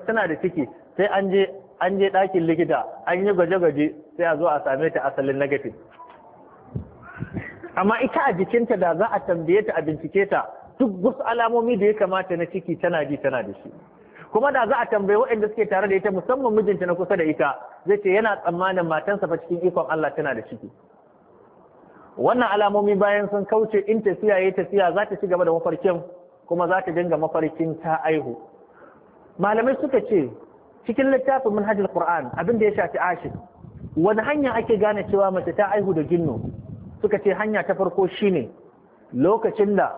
tana da ciki sai an je an ɗakin likita an yi gwaje-gwaje sai a zo a same ta asalin negative amma ita a jikinta da za a tambaye ta a bincike ta duk wasu alamomi da ya kamata na ciki tana ji tana da shi kuma da za a tambaye waɗanda suke tare da ita musamman mijinta na kusa da ita zai ce yana tsammanin matansa fa cikin ikon Allah tana da ciki wannan alamomi bayan sun kauce in tafiya ya tafiya za ta ci gaba da mafarkin kuma za ta dinga mafarkin ta aihu malamai suka ce cikin littafin manhajar Qur'an abin da ya shafi ashir wani hanya ake gane cewa mace ta aihu da ginno suka ce hanya ta farko shine lokacin da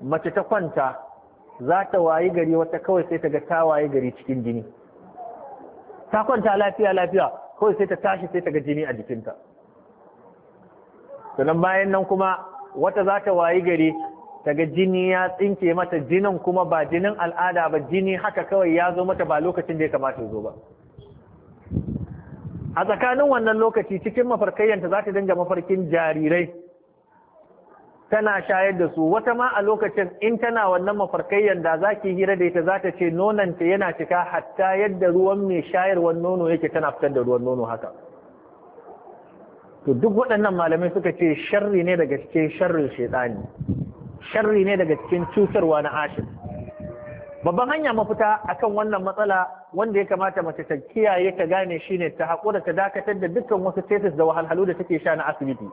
mace ta kwanta za ta wayi gari wata kawai sai ta ga ta wayi gari cikin jini ta kwanta lafiya lafiya kawai sai ta tashi sai ta ga jini a jikinta sannan bayan nan kuma wata za ta wayi gari Daga jini ya tsinke mata jinin kuma ba jinin al'ada ba jini haka kawai ya zo mata ba lokacin da ya kamata zo ba a tsakanin wannan lokaci cikin mafarkayyanta za ta dinga mafarkin jarirai tana shayar da su wata ma a lokacin in tana wannan mafarkayyan da za ki hira da ita za ta ce nonanta yana cika hatta yadda ruwan mai shayarwar nono yake tana fitar da ruwan nono haka to duk waɗannan malamai suka ce sharri ne daga cikin sharrin shaiɗani sharri ne daga cikin cutarwa na ashir babban hanya mafita akan wannan matsala wanda ya kamata mace ta kiyaye ta gane shine ta haƙura ta dakatar da dukkan wasu tesis da wahalhalu da take sha na asibiti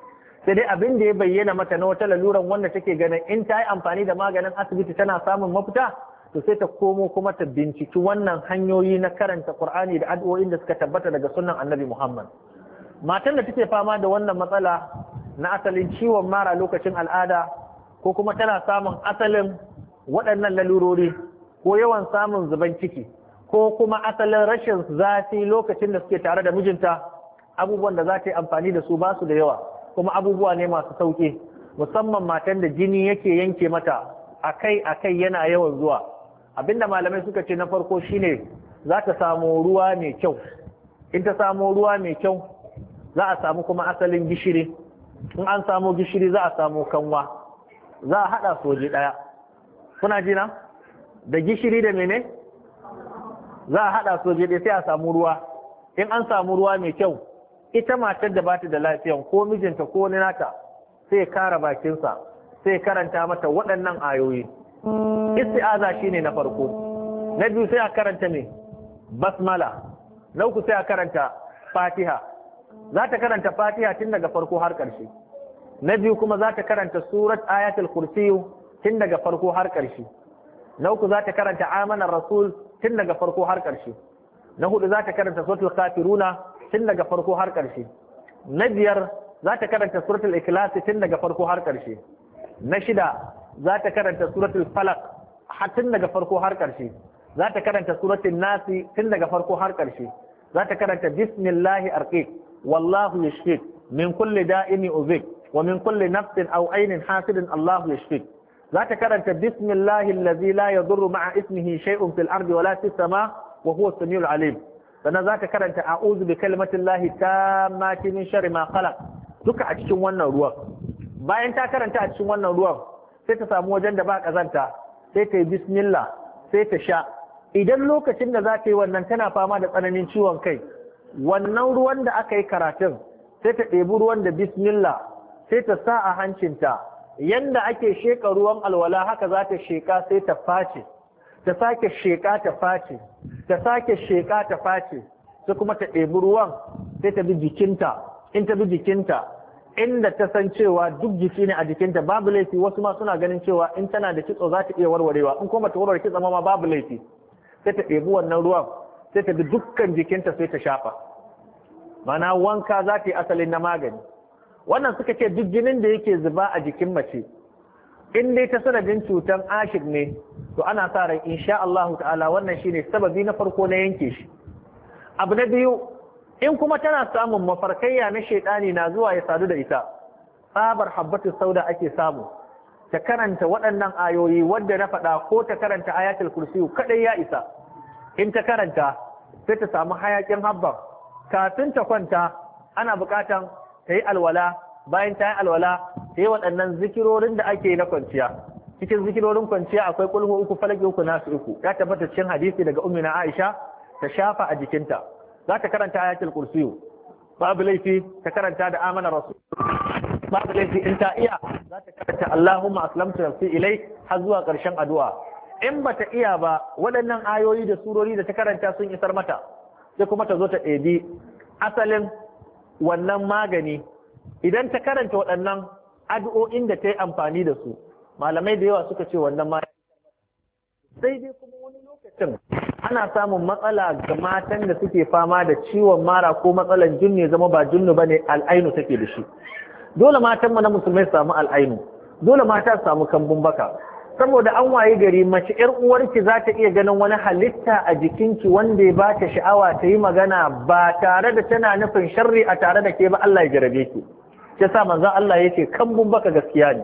sai dai abin da ya bayyana mata na wata laluran wanda take ganin in ta yi amfani da maganin asibiti tana samun mafita to sai ta komo kuma ta binciki wannan hanyoyi na karanta Qur'ani da addu'o'in da suka tabbata daga sunnan Annabi Muhammad matan da take fama da wannan matsala na asalin ciwon mara lokacin al'ada ko kuma tana samun asalin waɗannan lalurori ko yawan samun zuban ciki ko kuma asalin rashin zafi lokacin da suke tare da mijinta abubuwan da za ta yi amfani da su ba su da yawa kuma abubuwa ne masu sauƙi musamman matan da jini yake yanke mata akai akai yana yawan zuwa abinda malamai suka ce na farko shine za ta samu ruwa mai kyau in ta samu ruwa mai kyau za a samu kuma asalin gishiri in an samu gishiri za a samu kanwa za a haɗa soji ɗaya kuna jina da gishiri da mene za a haɗa soji ɗaya sai a samu ruwa in an samu ruwa mai kyau ita matar da bata da lafiyan ko mijinta ko wani nata sai kara bakinsa sai karanta mata waɗannan ayoyi isti'aza shine na farko na biyu sai a karanta ne basmala na uku sai a karanta fatiha za ta karanta fatiha tun daga farko har ƙarshe na biyu kuma za ta karanta surat ayatul kursi tun daga farko har ƙarshe na uku za ta karanta amanar rasul tun daga farko har ƙarshe na hudu za ta karanta suratul kafiruna tun daga farko har ƙarshe na biyar za ta karanta suratul ikhlas tun daga farko har ƙarshe na shida za ta karanta suratul falaq tun daga farko har ƙarshe za ta karanta suratul nasi tun daga farko har ƙarshe za ta karanta bismillahi arqiq wallahu yashfiq min kulli da'imi uzik wa min kulle nafsin au ainin hasidin Allah yashfik zaka karanta bismillahi allazi la yadurru ma'a ismihi shay'un fil ardi wala fis sama wa huwa alim sannan zaka karanta a'udhu bi kalimatillahi tammati min sharri ma khalaq duka a cikin wannan ruwan bayan ta karanta a cikin wannan ruwan sai ta samu wajen da ba kazanta sai ta yi bismillah sai ta sha idan lokacin da za ta yi wannan tana fama da tsananin ciwon kai wannan ruwan da aka yi karatun sai ta ɗebi ruwan da bismillah sai ta sa a hancinta yanda ake sheka ruwan alwala haka za ta sheka sai ta face ta sake sheka ta face ta sake sheka ta face sai kuma ta ɗebi ruwan sai ta bi jikinta in ta bi jikinta inda ta san cewa duk jiki ne a jikinta babu laifi wasu ma suna ganin cewa in tana da kitso za ta iya warwarewa in kuma ta warware kitsa ma babu laifi sai ta ɗebi wannan ruwan sai ta bi dukkan jikinta sai ta shafa mana wanka za ta yi asalin na magani wannan suka ce duk jinin da yake zuba a jikin mace in dai ta sanadin cutan ashik ne to ana sa ran insha Allah ta'ala wannan shine sababi na farko na yanke shi abu na biyu in kuma tana samun mafarkaiya na shaidani na zuwa ya sadu da ita tsabar habbatu sauda ake samu ta karanta waɗannan ayoyi wadda na faɗa ko ta karanta ayatul kursi kadai ya isa in ta karanta sai ta samu hayakin habban kafin ta kwanta ana buƙatan ta yi alwala bayan ta yi alwala ta yi waɗannan zikirorin da ake na kwanciya cikin zikirorin kwanciya akwai kulhu uku falaki uku nasu uku ya tabbata cikin hadisi daga ummina Aisha ta shafa a jikinta za ta karanta ayatul kursi babu laifi ta karanta da amana rasul babu laifi in ta iya za ta karanta Allahumma aslamtu nafsi ilai har zuwa ƙarshen addu'a in bata iya ba waɗannan ayoyi da surori da ta karanta sun isar mata sai kuma ta zo ta ɗebi asalin wannan magani idan ta karanta waɗannan addu'o'in da ta yi amfani da su malamai da yawa suka ce wannan ma sai dai kuma wani lokacin ana samun matsala ga matan da suke fama da ciwon mara ko matsalan junne zama ba ba bane al'ainu take da shi dole matan mu na musulmai su samu al'ainu dole mata su samu kambun baka saboda an waye gari mace ‘yar uwarki za ta iya ganin wani halitta a jikinki wanda ya ba sha'awa ta yi magana ba tare da tana nufin sharri a tare da ke ba Allah ya jarabe ki ke sa manzon Allah yace kan bun baka gaskiya ne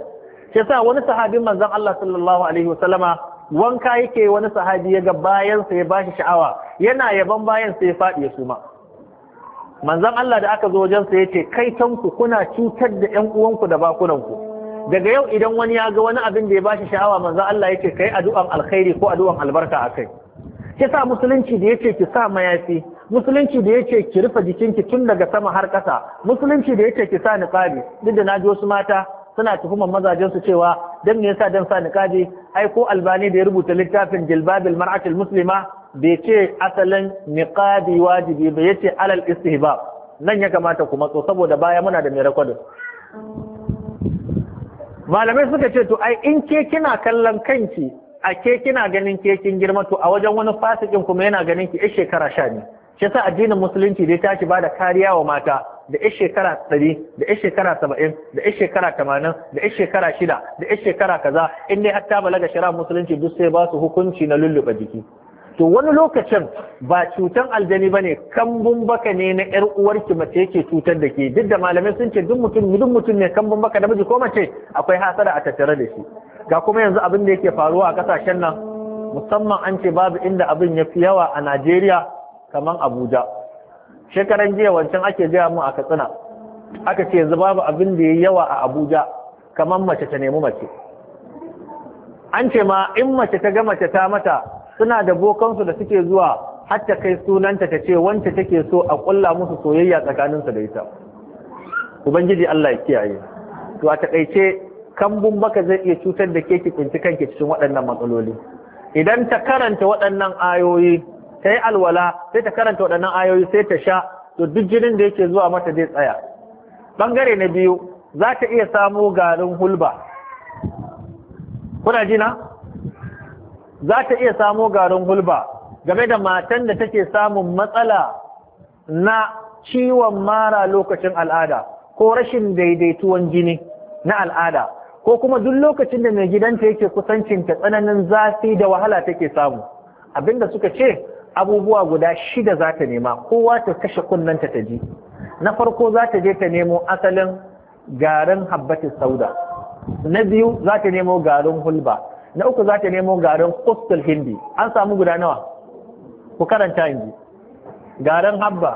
ke sa wani sahabin manzon Allah sallallahu alaihi wasallama wanka yake wani sahabi ya ga bayan sa ya bashi sha'awa yana yaban bayan sa ya faɗi ya suma manzon Allah da aka zo wajen sa yace kai tanku kuna cutar da ƴan uwanku da bakunanku daga yau idan wani ya ga wani abin da ya bashi sha'awa manzo Allah yake kai addu'an alkhairi ko addu'an albarka akai ki sa musulunci da yace ki sa mayafi musulunci da yace ki rufe jikinki tun daga sama har ƙasa musulunci da yace ki sa niqabi duk da naji wasu mata suna tuhuman mazajen su cewa dan me yasa dan sa niqabi ai ko albani da ya rubuta littafin jilbabil mar'atil muslima bai ce asalin niqabi wajibi ba ce alal istihbab nan ya kamata ku matso saboda baya muna da mai rekodin malamai suka ce to ai in ke kina kallon kanki a ke kina ganin ke kin girma to a wajen wani fasikin kuma yana ganin ki yar shekara sha ne shi yasa addinin musulunci dai tashi ba da kariya wa mata da yar shekara ɗari da yar shekara saba'in da yar shekara tamanin da yar shekara shida da yar shekara kaza in dai har ta balaga shara musulunci duk sai ba su hukunci na lulluɓe jiki to wani lokacin ba cutan aljani bane kambun baka ne na yar uwarki mace yake cutar da ke duk da malamai sun ce duk mutum duk mutum ne kambun baka da miji ko mace akwai hasara a tattare da shi ga kuma yanzu abin da yake faruwa a kasashen nan musamman an ce babu inda abin ya fi yawa a Najeriya kamar Abuja shekaran jiya wancan ake gaya mu a Katsina aka ce yanzu babu abin da ya yawa a Abuja kamar mace ta nemi mace an ce ma in mace ta ga mace ta mata suna da bokansu da suke zuwa hatta kai sunanta ta ce wanda take so a kulla musu soyayya tsakaninsu da ita ubangiji Allah ya kiyaye to a takaice kambun baka zai iya cutar da ke ki tsinci kanki cikin waɗannan matsaloli idan ta karanta waɗannan ayoyi ta yi alwala sai ta karanta waɗannan ayoyi sai ta sha to duk jinin da yake zuwa mata zai tsaya bangare na biyu za ta iya samo garin hulba kuna jina za ta iya samo garin hulba game da matan da take samun matsala na ciwon mara lokacin al'ada ko rashin daidaituwan jini na al'ada ko kuma duk lokacin da mai gidanta yake kusancinta tsananin zafi da wahala take samu abinda suka ce abubuwa guda shida za ta nema kowa ta kashe kunnanta ta ji na farko za ta je ta nemo asalin garin habbatin sauda na biyu za ta nemo garin hulba na uku za ta nemo garin kustul hindi an samu guda nawa ku karanta yanzu garin habba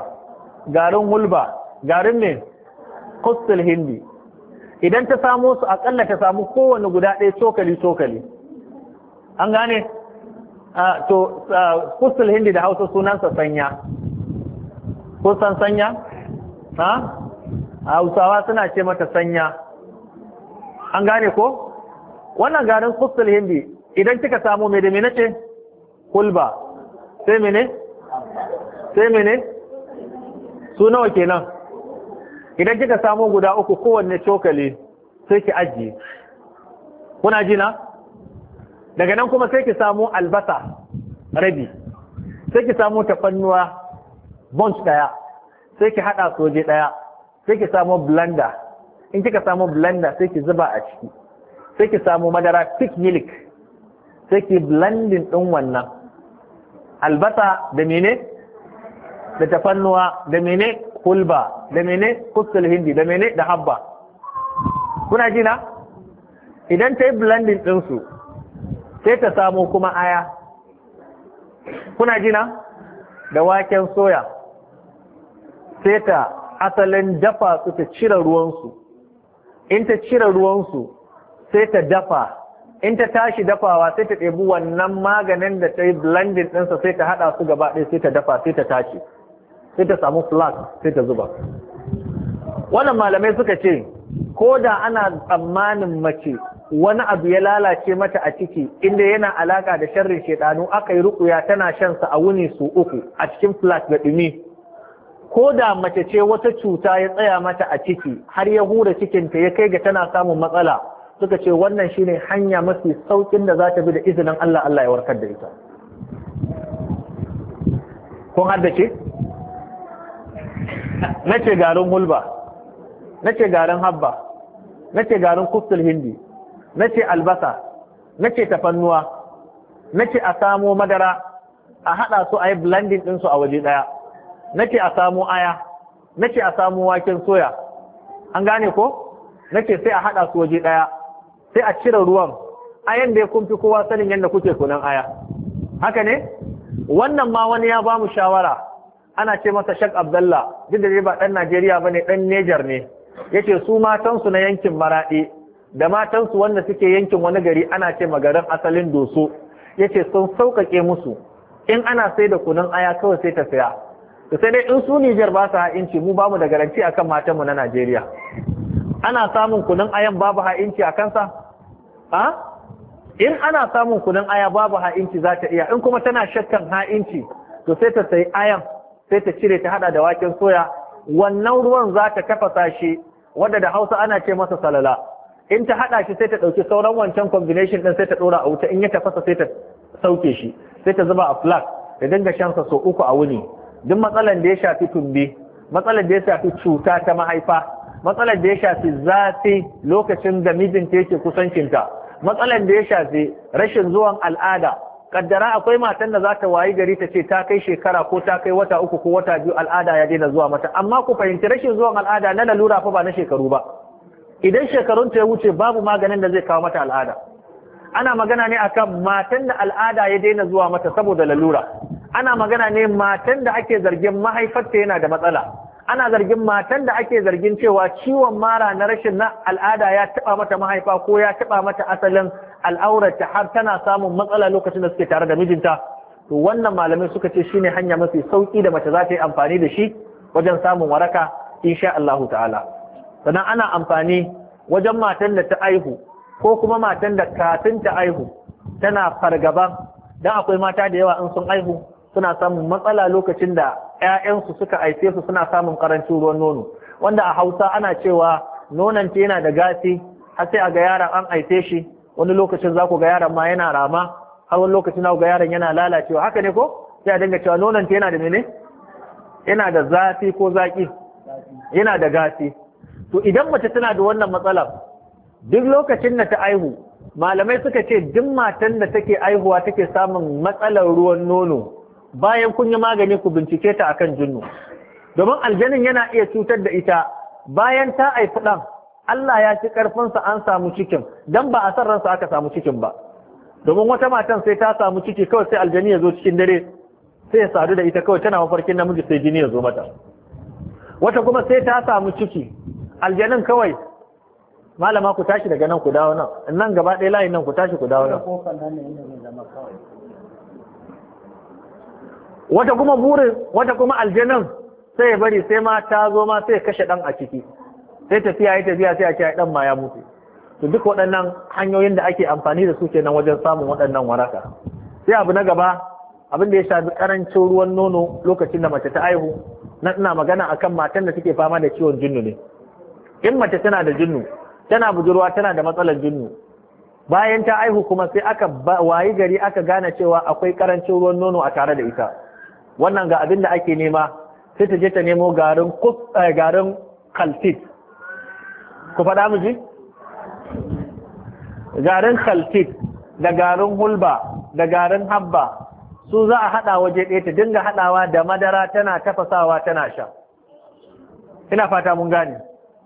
garin hulba garin ne kustul hindi idan ta samu su akalla ta samu kowane guda ɗaya cokali cokali an gane to kustul hindi da hausa sunansa sanya ko san sanya ha hausawa suna ce mata sanya an gane ko wannan garin kustul hindi idan kika samu mai da ce? kulba sai mene sai mene su nawa kenan idan kika samu guda uku kowanne cokali sai ki ajiye kuna jina daga nan kuma sai ki samu albasa rabi sai ki samu tafannuwa bunch daya sai ki hada soje daya sai ki samu blender in kika samu blender sai ki zuba a ciki sai ki samu madara thick milk sai ki blending din wannan albasa da mene da tafannuwa da mene kulba da mene kuskul hindi da mene da habba kuna ji na idan ta yi blending ɗinsu sai ta samu kuma aya kuna ji na da waken soya sai ta asalin dafa su ta cire ruwansu in ta cire ruwansu sai ta dafa in ta tashi dafawa sai ta ɗebi wannan maganin da ta yi blending ɗinsa sai ta haɗa su gaba ɗaya sai ta dafa sai ta tashi sai ta samu flask sai ta zuba wannan malamai suka ce ko da ana tsammanin mace wani abu ya lalace mata a ciki inda yana alaka da sharrin shaidanu aka yi rukuya tana shan sa a wuni su uku a cikin flat da ɗumi. ko da mace ce wata cuta ya tsaya mata a ciki har ya hura cikinta ya kai ga tana samun matsala suka ce wannan shine hanya mafi saukin da za ta bi da izinin Allah Allah ya warkar da ita kun haddace ce garin hulba ce garin habba Na ce garin kustul hindi Na ce albasa Na ce tafannuwa Na ce a samo madara a haɗa su a yi blending ɗinsu a waje ɗaya Na ce a samo aya Na ce a samo waken soya an gane ko Na ce sai a haɗa su waje ɗaya sai a cire ruwan ayan da ya kumfi kowa sanin yadda kuke kunan aya haka ne wannan ma wani ya ba mu shawara ana ce masa shak abdallah duk da ba dan najeriya ba ne dan nejar ne yace su matansu na yankin maraɗi da matansu wanda suke yankin wani gari ana ce magaran asalin doso yace sun sauƙaƙe musu in ana sai da kunun aya kawai sai ta saya sai dai in su Nijar ba su ha'inci mu bamu da garanti akan matanmu na Najeriya ana samun kunan ayan babu ha'inci a kansa Ha? in ana samun kunan aya babu ha'inci za ta iya in kuma tana shakkan ha'inci to sai ta sayi ayan sai ta cire ta hada da waken soya wannan ruwan za ta tafasa shi wadda da hausa ana ce masa salala in ta hada shi sai ta ɗauki sauran wancan combination din sai ta dora a wuta in ya tafasa sai ta sauke shi sai ta zuba a flask da dinga shansa sau uku a wuni duk matsalan da ya shafi tumbi matsalan da ya shafi cuta ta mahaifa matsalar da ya shafi zafi lokacin da mijinta yake kusancinta matsalar da ya shafi rashin zuwan al'ada kaddara akwai matan da za ta wayi gari ta ce ta kai shekara ko ta kai wata uku ko wata biyu al'ada ya daina zuwa mata amma ku fahimci rashin zuwan al'ada na lalura fa ba na shekaru ba idan shekarun ta ya wuce babu maganin da zai kawo mata al'ada ana magana ne akan matan da al'ada ya daina zuwa mata saboda lalura ana magana ne matan da ake zargin mahaifarta yana da matsala ana zargin matan da ake zargin cewa ciwon mara na rashin na al'ada ya taɓa mata mahaifa ko ya taɓa mata asalin al'aurarta har tana samun matsala lokacin da suke tare da mijinta to wannan malamai suka ce shine hanya mafi sauki da mace za ta yi amfani da shi wajen samun waraka insha Allahu ta'ala sannan ana amfani wajen matan da ta aihu ko kuma matan da kafin ta aihu tana fargaba dan akwai mata da yawa in sun aihu suna samun matsala lokacin da 'ya'yansu suka aise su suna samun karancin ruwan nono wanda a hausa ana cewa nonon ce yana da gasi har sai a ga yaron an aise shi wani lokacin za ku ga yaron ma yana rama har wani lokacin za ku ga yaron yana lalacewa haka ne ko sai a dinga cewa nonon ce yana da mene yana da zafi ko zaki yana da gasi to idan mace tana da wannan matsalar duk lokacin da ta aihu malamai suka ce duk matan da take aihuwa take samun matsalar ruwan nono bayan kun yi magani ku bincike ta akan jinnu domin aljanin yana iya cutar da ita bayan ta haifi ɗan Allah ya ci ƙarfinsa an samu cikin don ba a san ransa aka samu cikin ba domin wata matan sai ta samu ciki kawai sai aljani ya zo cikin dare sai ya sadu da ita kawai tana mafarkin namiji sai jini ya zo mata wata kuma sai ta samu ciki aljanin kawai malama ku tashi daga nan ku dawo nan nan gaba ɗaya layin nan ku tashi ku dawo nan wata kuma burin wata kuma aljanan sai ya bari sai ma ta zo ma sai kashe ɗan a ciki sai tafiya ya tafiya sai a ce dan ma ya mutu to duk waɗannan hanyoyin da ake amfani da su nan wajen samun waɗannan waraka sai abu na gaba abin da ya shafi karancin ruwan nono lokacin da mace ta aihu na ina magana akan matan da suke fama da ciwon jinnu ne in mace tana da jinnu tana budurwa tana da matsalar jinnu bayan ta aihu kuma sai aka wayi gari aka gane cewa akwai karancin ruwan nono a tare da ita wannan ga abin da ake nema sai ta je ta nemo garin eh, garin kalfit ku faɗa mu garin kalfit da garin hulba da garin habba su za a haɗa waje ɗaya ta dinga haɗawa da madara tana tafasawa tana sha ina fata mun gane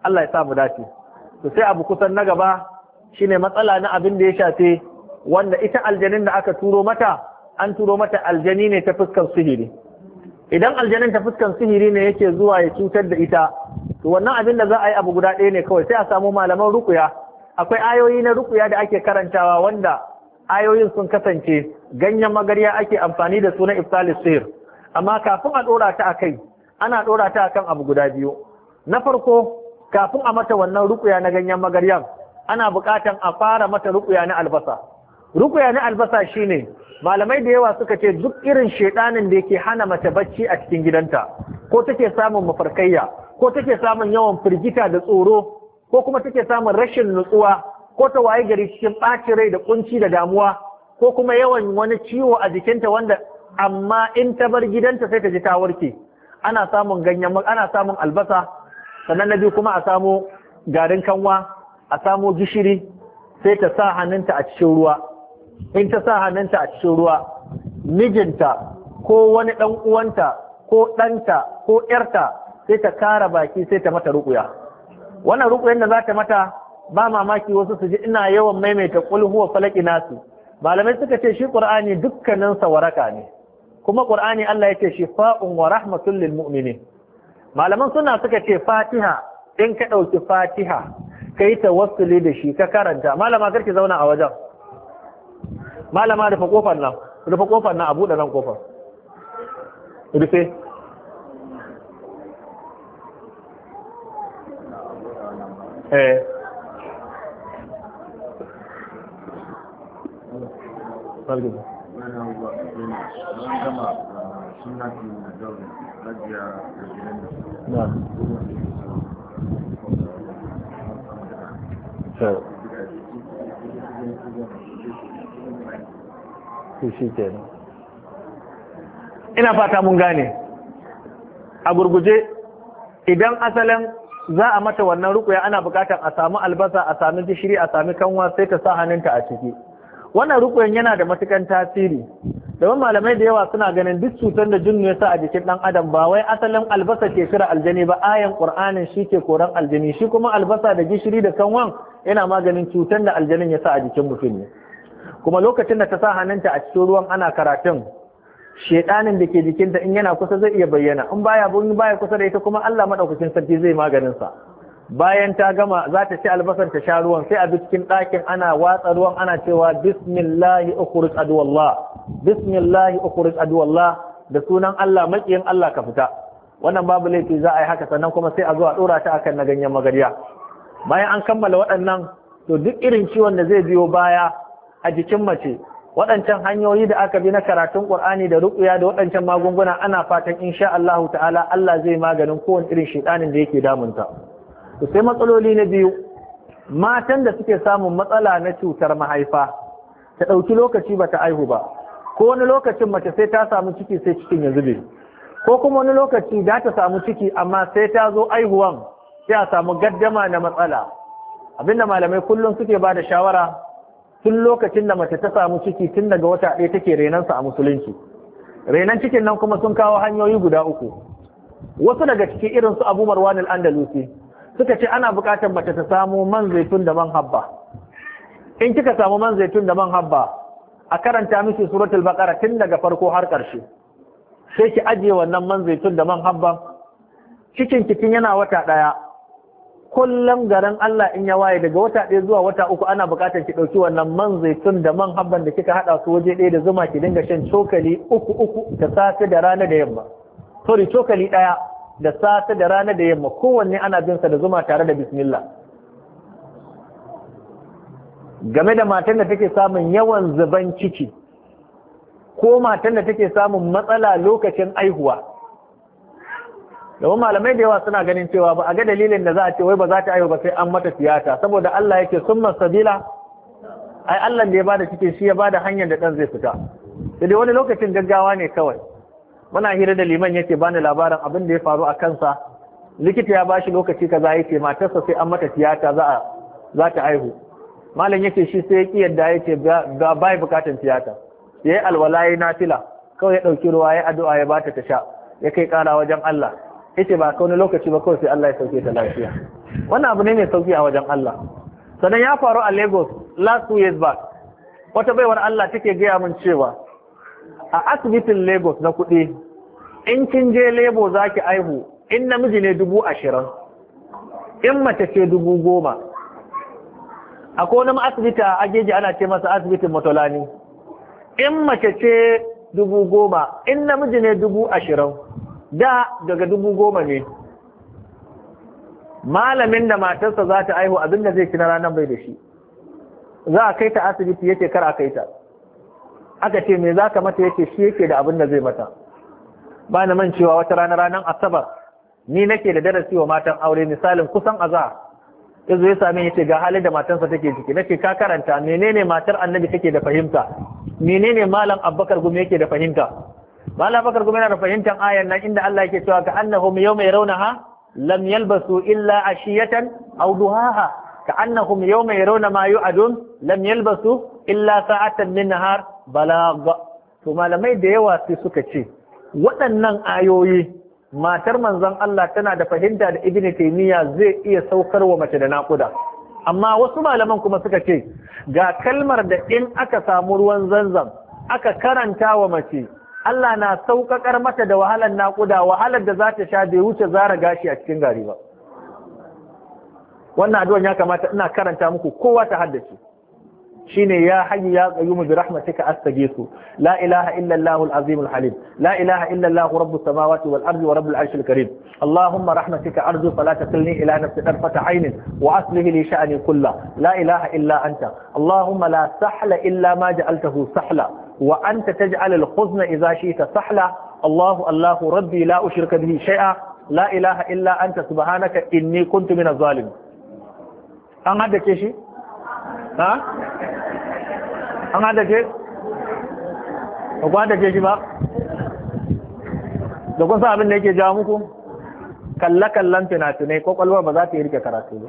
Allah ya sa mu dace to sai abu kusan na gaba shine matsala na abin da ya shafe wanda ita aljanin da aka turo mata an turo mata aljani ne ta fuskar sihiri idan aljanin ta fuskan sihiri ne yake zuwa ya cutar da ita to wannan abin da za a yi abu guda ɗaya ne kawai sai a samu malaman rukuya akwai ayoyi na rukuya da ake karantawa wanda ayoyin sun kasance ganyen magarya ake amfani da su na iftalis sihir amma kafin a ɗora ta a kai ana ɗora ta akan abu guda biyu na farko kafin a mata wannan rukuya na ganyen magaryan ana buƙatan a fara mata rukuya na albasa rukuya na albasa shine malamai da yawa suka ce duk irin shaidanin da yake hana mace bacci a cikin gidanta ko take samun mafarkayya ko take samun yawan firgita da tsoro ko kuma take samun rashin nutsuwa ko ta waye gari cikin ɓacin rai da ƙunci da damuwa ko kuma yawan wani ciwo a jikinta wanda amma in ta bar gidanta sai ta ji ta warke ana samun ganyen ana samun albasa sannan na biyu kuma a samu garin kanwa a samu gishiri sai ta sa hannunta a cikin ruwa in ta sa hannunta a cikin ruwa mijinta ko wani ɗan uwanta ko ɗanta ko ƴarta sai ta kara baki sai ta mata rukuya. wannan ruƙuyan da za ta mata ba mamaki wasu su ji ina yawan maimaita kul huwa falaki nasu malamai suka ce shi qur'ani dukkanin sa waraka ne kuma qur'ani Allah yake shifa'un wa rahmatul lil mu'minin malaman suna suka ce fatiha in ka ɗauki fatiha kai tawassuli da shi ka karanta malama ki zauna a wajen malama rufe kofar nan rufe kofar nan a buɗe nan kofar rufe eh Thank you. ina fata mun gane a gurguje idan asalin za a mata wannan rukuya ana bukatar a samu albasa a sami gishiri a sami kanwa sai ta sa hannunta a ciki wannan rukuyan yana da matukan tasiri domin malamai da yawa suna ganin duk cutar da jinnu ya sa a jikin dan adam ba wai asalin albasa ke shira aljani ba ayan qur'anin shi ke koran aljani shi kuma albasa da gishiri da kanwan yana maganin cutar da aljanin ya sa a jikin mutum ne kuma lokacin da ta sa hannunta a cikin ruwan ana karatun shedanin da ke jikinta in yana kusa zai iya bayyana in baya bun baya kusa da ita kuma Allah madaukakin sarki zai maganin sa bayan ta gama za ta ci albasar ta sha ruwan sai a cikin ɗakin ana watsa ruwan ana cewa bismillahi ukhrij adwallah bismillahi ukhrij adwallah da sunan Allah makiyin Allah ka fita wannan babu laifi za a yi haka sannan kuma sai a zo a dora ta akan na ganyen magarya bayan an kammala waɗannan to duk irin ciwon da zai biyo baya a jikin mace waɗancan hanyoyi da aka bi na karatun Kur'ani da ruƙuya da waɗancan magunguna ana fatan insha Allah ta'ala Allah zai maganin kowane irin shiɗanin da yake damunta to sai matsaloli na biyu matan da suke samun matsala na cutar mahaifa ta ɗauki lokaci bata aihu ba ko wani lokacin mace sai ta samu ciki sai cikin ya zube ko kuma wani lokaci za ta samu ciki amma sai ta zo aihuwan sai a samu gaddama na matsala abinda malamai kullum suke ba da shawara tun lokacin da mace ta samu ciki tun daga wata ɗaya take renansa a musulunci renan cikin nan kuma sun kawo hanyoyi guda uku wasu daga cikin irin su abu marwan al-andalusi suka ce ana buƙatar mace ta samu man zaitun da man habba in kika samu man zaitun da man habba a karanta miki suratul baqara tun daga farko har ƙarshe sai ki ajiye wannan man zaitun da man habban cikin cikin yana wata ɗaya kullum garin Allah in ya waye daga wata ɗaya zuwa wata uku ana buƙatar ki ɗauki wannan man zaitun da man habban da kika haɗa su waje ɗaya da zuma ki dinga shan cokali uku uku da safe da rana da yamma sorry cokali ɗaya da safe da rana da yamma kowanne ana bin sa da zuma tare da bismillah game da matan da take samun yawan zuban ciki ko matan da take samun matsala lokacin aihuwa domin malamai da yawa suna ganin cewa ba a ga dalilin da za a ce wai ba za ta aihu ba sai an mata tiyata saboda Allah yake summa sabila ai Allah da ya bada cike shi ya bada hanyar da dan zai fita sai dai wani lokacin gaggawa ne kawai muna hira da liman yake bani labarin abin da ya faru a kansa likita ya bashi lokaci kaza yake matarsa sai an mata tiyata za a za ta aihu malam yake shi sai ya ki yadda yake ga bai bukatan tiyata yayi alwala yayi nafila kawai ya dauki ruwa yayi addu'a ya bata ta sha ya kai kara wajen Allah ita ba ka wani lokaci ba kawai sai Allah ya sauke ta lafiya wannan abu ne mai sauki a wajen Allah sannan ya faru a Lagos last two years back wata baiwar Allah take gaya min cewa a asibitin Lagos na kuɗi in kin je za zaki aihu in namiji ne dubu ashirin in mace ce dubu goma A wani asibiti a ajeji ana ce masa asibitin matolani in mace ce dubu goma in namiji ne dubu ashirin da daga dubu goma ne malamin da matarsa za ta aihu abinda zai kina ranar bai da shi za a kai ta asibiti yake kar a kai ta aka ce me za ka mata yake shi yake da abin zai mata ba na man cewa wata rana ranar asabar ni nake da darasi wa matan aure misalin kusan aza. yazo ya sami yace ga halin da matansa take ciki nake ka karanta menene matar annabi take da fahimta menene malam abubakar gumi yake da fahimta mala bakar kuma yana da fahimtar ayan nan inda Allah yake cewa ka annahum yawma yarawnaha lam yalbasu illa ashiyatan aw duhaha ka annahum yawma yarawna ma yu'adun lam yalbasu illa sa'atan min nahar balag to malamai da yawa sai suka ce waɗannan ayoyi matar manzon Allah tana da fahimta da ibnu taymiya zai iya saukar wa mace da naƙuda amma wasu malaman kuma suka ce ga kalmar da in aka samu ruwan zanzam aka karanta wa mace Allah na sauƙaƙar mata da wahalar naƙuda wahalar da za ta sha bai wuce zara gashi a cikin gari ba wannan addu'an ya kamata ina karanta muku kowa ta haddace shine ya hayyu ya qayyum bi rahmatika astaghiithu la ilaha illa allahul al halim la ilaha illa allahu rabbus samawati wal ardi wa rabbul arshil karim allahumma rahmatika arju fala takilni ila nafsi tarfata aynin wa aslih li sha'ni kulla. la ilaha illa anta allahumma la sahla illa ma ja'altahu sahla wa anta taj'al al-huzna idza shi'ta sahla Allahu Allahu rabbi la ushrika bihi shay'a la ilaha illa anta subhanaka inni kuntu minaz zalim an hada ke shi ha an hada ke? ba ku ke shi ba da kun sa abin da yake jawo muku kalle-kallen fina-finai ko kwakwalwar ba za ta yi rike karatu ba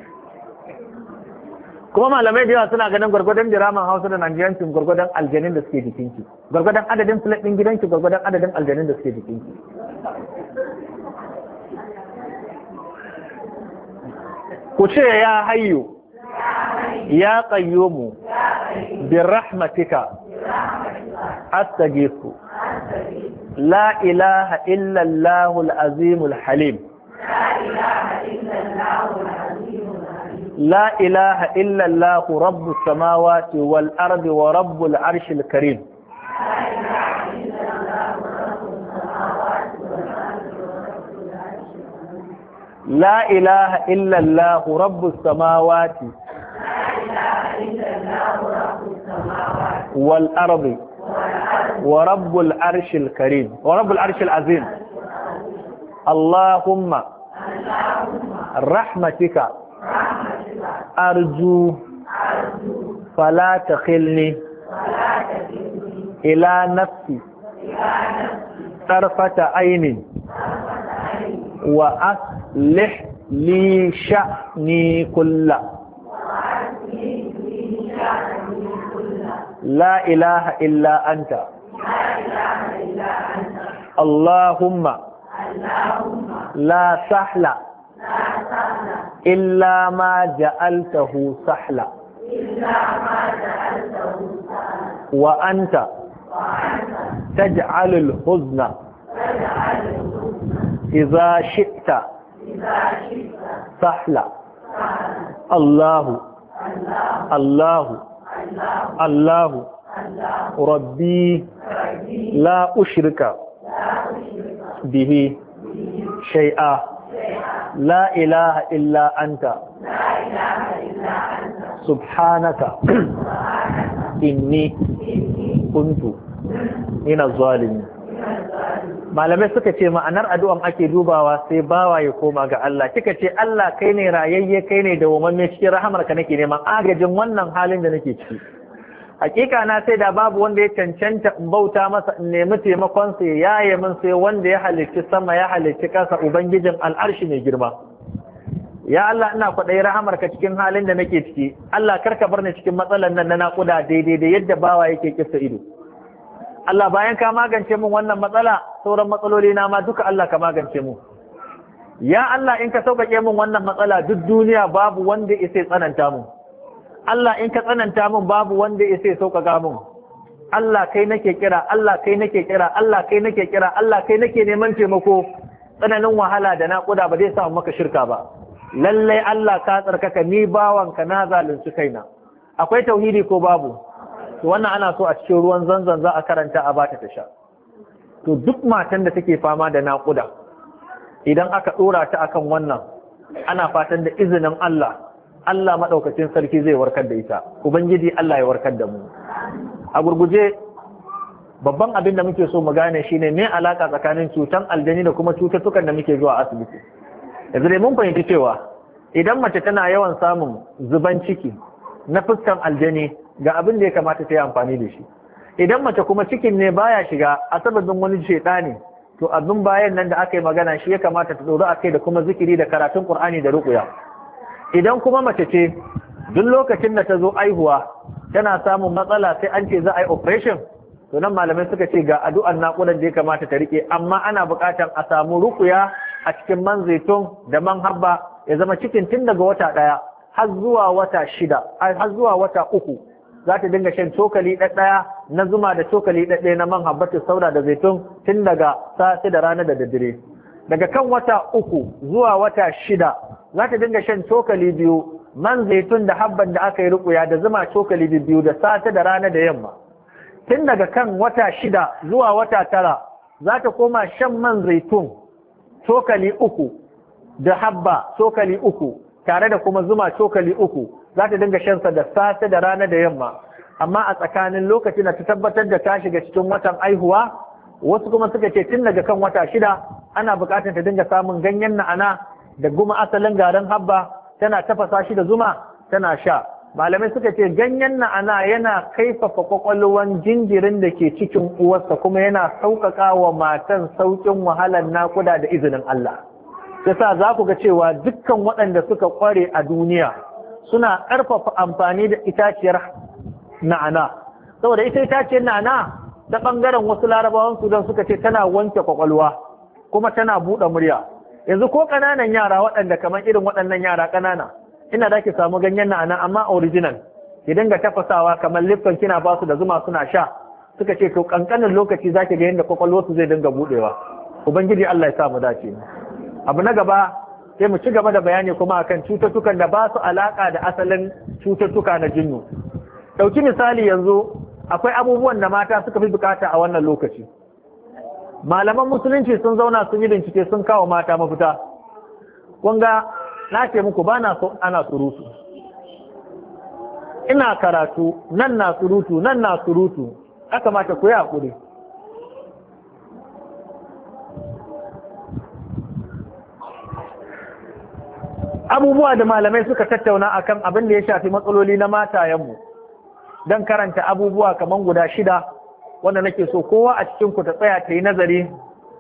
kuma malamai da yawa suna ganin gwargwadon diraman hausa da najeriyancin gwargwadon aljanin da suke jikinki gwargwadon adadin filet ɗin gidanki gwargwadon adadin aljanin da suke jikinki ku ce ya hayyu ya qayyumu bi rahmatika astaghfiru la ilaha illa allahul azimul halim la ilaha illa allahul لا إله إلا الله رب السماوات والأرض ورب العرش الكريم لا إله إلا الله رب السماوات والأرض ورب العرش الكريم ورب العرش العظيم اللهم رحمتك Arzu fala khilni ila nafsi tarfata aini wa aslih li sha'ni kulla la ilaha illa anta اللهم لا سهل إلا ما جعلته سحلا وأنت تجعل الحزن إذا شئت سحلا الله الله الله ربي لا أشرك به شيئا la ilaha إلا أنت subhanaka inni kuntu ina الظالمين malamai suka ce ma'anar addu'an ake dubawa sai bawa ya koma ga Allah kika ce Allah kai ne rayayye kai ne da wamamme cikin rahamarka nake neman agajin wannan halin da nake ciki hakika na sai da babu wanda ya cancanta in bauta masa in nemi taimakon sa ya yaye min sai wanda ya halicci sama ya halicci kasa ubangijin al'arshi mai girma ya Allah ina kwaɗayi rahamarka cikin halin da nake ciki Allah karka bar ni cikin matsalan nan na naƙuda daidai da yadda bawa yake kissa ido Allah bayan ka magance min wannan matsala sauran matsaloli na ma duka Allah ka magance mu ya Allah in ka sauƙaƙe min wannan matsala duk duniya babu wanda ya sai tsananta mu Allah in ka tsananta min babu wanda ya sai sauƙaƙa min Allah kai nake kira Allah kai nake kira Allah kai nake kira Allah kai nake neman taimako tsananin wahala da naƙuda ba zai samu maka shirka ba lallai Allah ka tsarkaka ni bawanka na zalunci kaina akwai tauhidi ko babu to wannan ana so a cikin ruwan zanzan za a karanta a bata ta sha to duk matan da take fama da naƙuda idan aka ɗora ta akan wannan ana fatan da izinin Allah Allah maɗaukacin sarki zai warkar da ita ubangiji Allah ya warkar da mu a gurguje babban abin da muke so mu gane shine ne alaƙa tsakanin cutan aljani da kuma cututtukan da muke zuwa asibiti yanzu dai mun fahimci cewa idan mace tana yawan samun zuban ciki na fuskan aljani ga abin da ya kamata ta yi amfani da shi idan mace kuma cikin ne baya shiga a sababin wani ne, to abin bayan nan da aka yi magana shi ya kamata ta a kai da kuma zikiri da karatun ƙur'ani da rukuya idan kuma mace ce duk lokacin da ta zo aihuwa tana samun matsala sai an ce za a yi operation to nan malamai suka ce ga addu'an naƙudan da ya kamata ta rike amma ana buƙatar a samu rukuya a cikin man zaitun da man habba ya zama cikin tun daga wata ɗaya har zuwa wata shida har zuwa wata uku za ta dinga shan cokali ɗaya na zuma da cokali ɗaya na man ta sauda da zaitun tun daga safe da rana da daddare daga kan wata uku zuwa wata shida za ta dinga shan cokali biyu man zaitun da habban da aka yi rukuya da zuma cokali biyu da sata da rana da yamma tun daga kan wata shida zuwa wata tara za ta koma shan man zaitun cokali uku da habba cokali uku tare da kuma zuma cokali uku za ta dinga shansa da sata da rana da yamma amma a tsakanin lokacin da ta tabbatar da ta shiga cikin watan aihuwa wasu kuma suka ce tun daga kan wata shida ana bukatar ta dinga samun ganyen na'ana da guma asalin garin habba tana tafasa shi da zuma tana sha malamai suka ce ganyen na'ana yana kaifafa kwakwalwan jinjirin da ke cikin uwarsa kuma yana sauƙaƙa wa matan sauƙin wahalar naƙuda da izinin Allah yasa za ku ga cewa dukkan waɗanda suka ƙware a duniya suna ƙarfafa amfani da itaciyar na'ana saboda ita itaciyar na'ana ta ɓangaren wasu larabawan don suka ce tana wanke kwakwalwa kuma tana buɗe murya yanzu ko ƙananan yara waɗanda kamar irin waɗannan yara ƙanana ina da ke samu ganyen na nan amma original ki dinga tafasawa kamar lifton kina ba su da zuma suna sha suka ce to kankanin lokaci zaki ga yadda kwakwalwar su zai dinga buɗewa. ubangiji Allah ya sa dace abu na gaba sai mu ci gaba da bayani kuma akan cututtukan da ba su alaka da asalin cututtuka na jinnu dauki misali yanzu akwai abubuwan da mata suka fi bukata a wannan lokaci malaman musulunci sun zauna sun yi bincike sun kawo mata mafita kunga na ce muku ba na so ana surutu ina karatu nan na surutu nan na surutu aka mata ku yi hakuri abubuwa da malamai suka tattauna akan abin da ya shafi matsaloli na matayenmu don karanta abubuwa kamar guda shida wanda nake so kowa a cikin ku ta tsaya ta yi nazari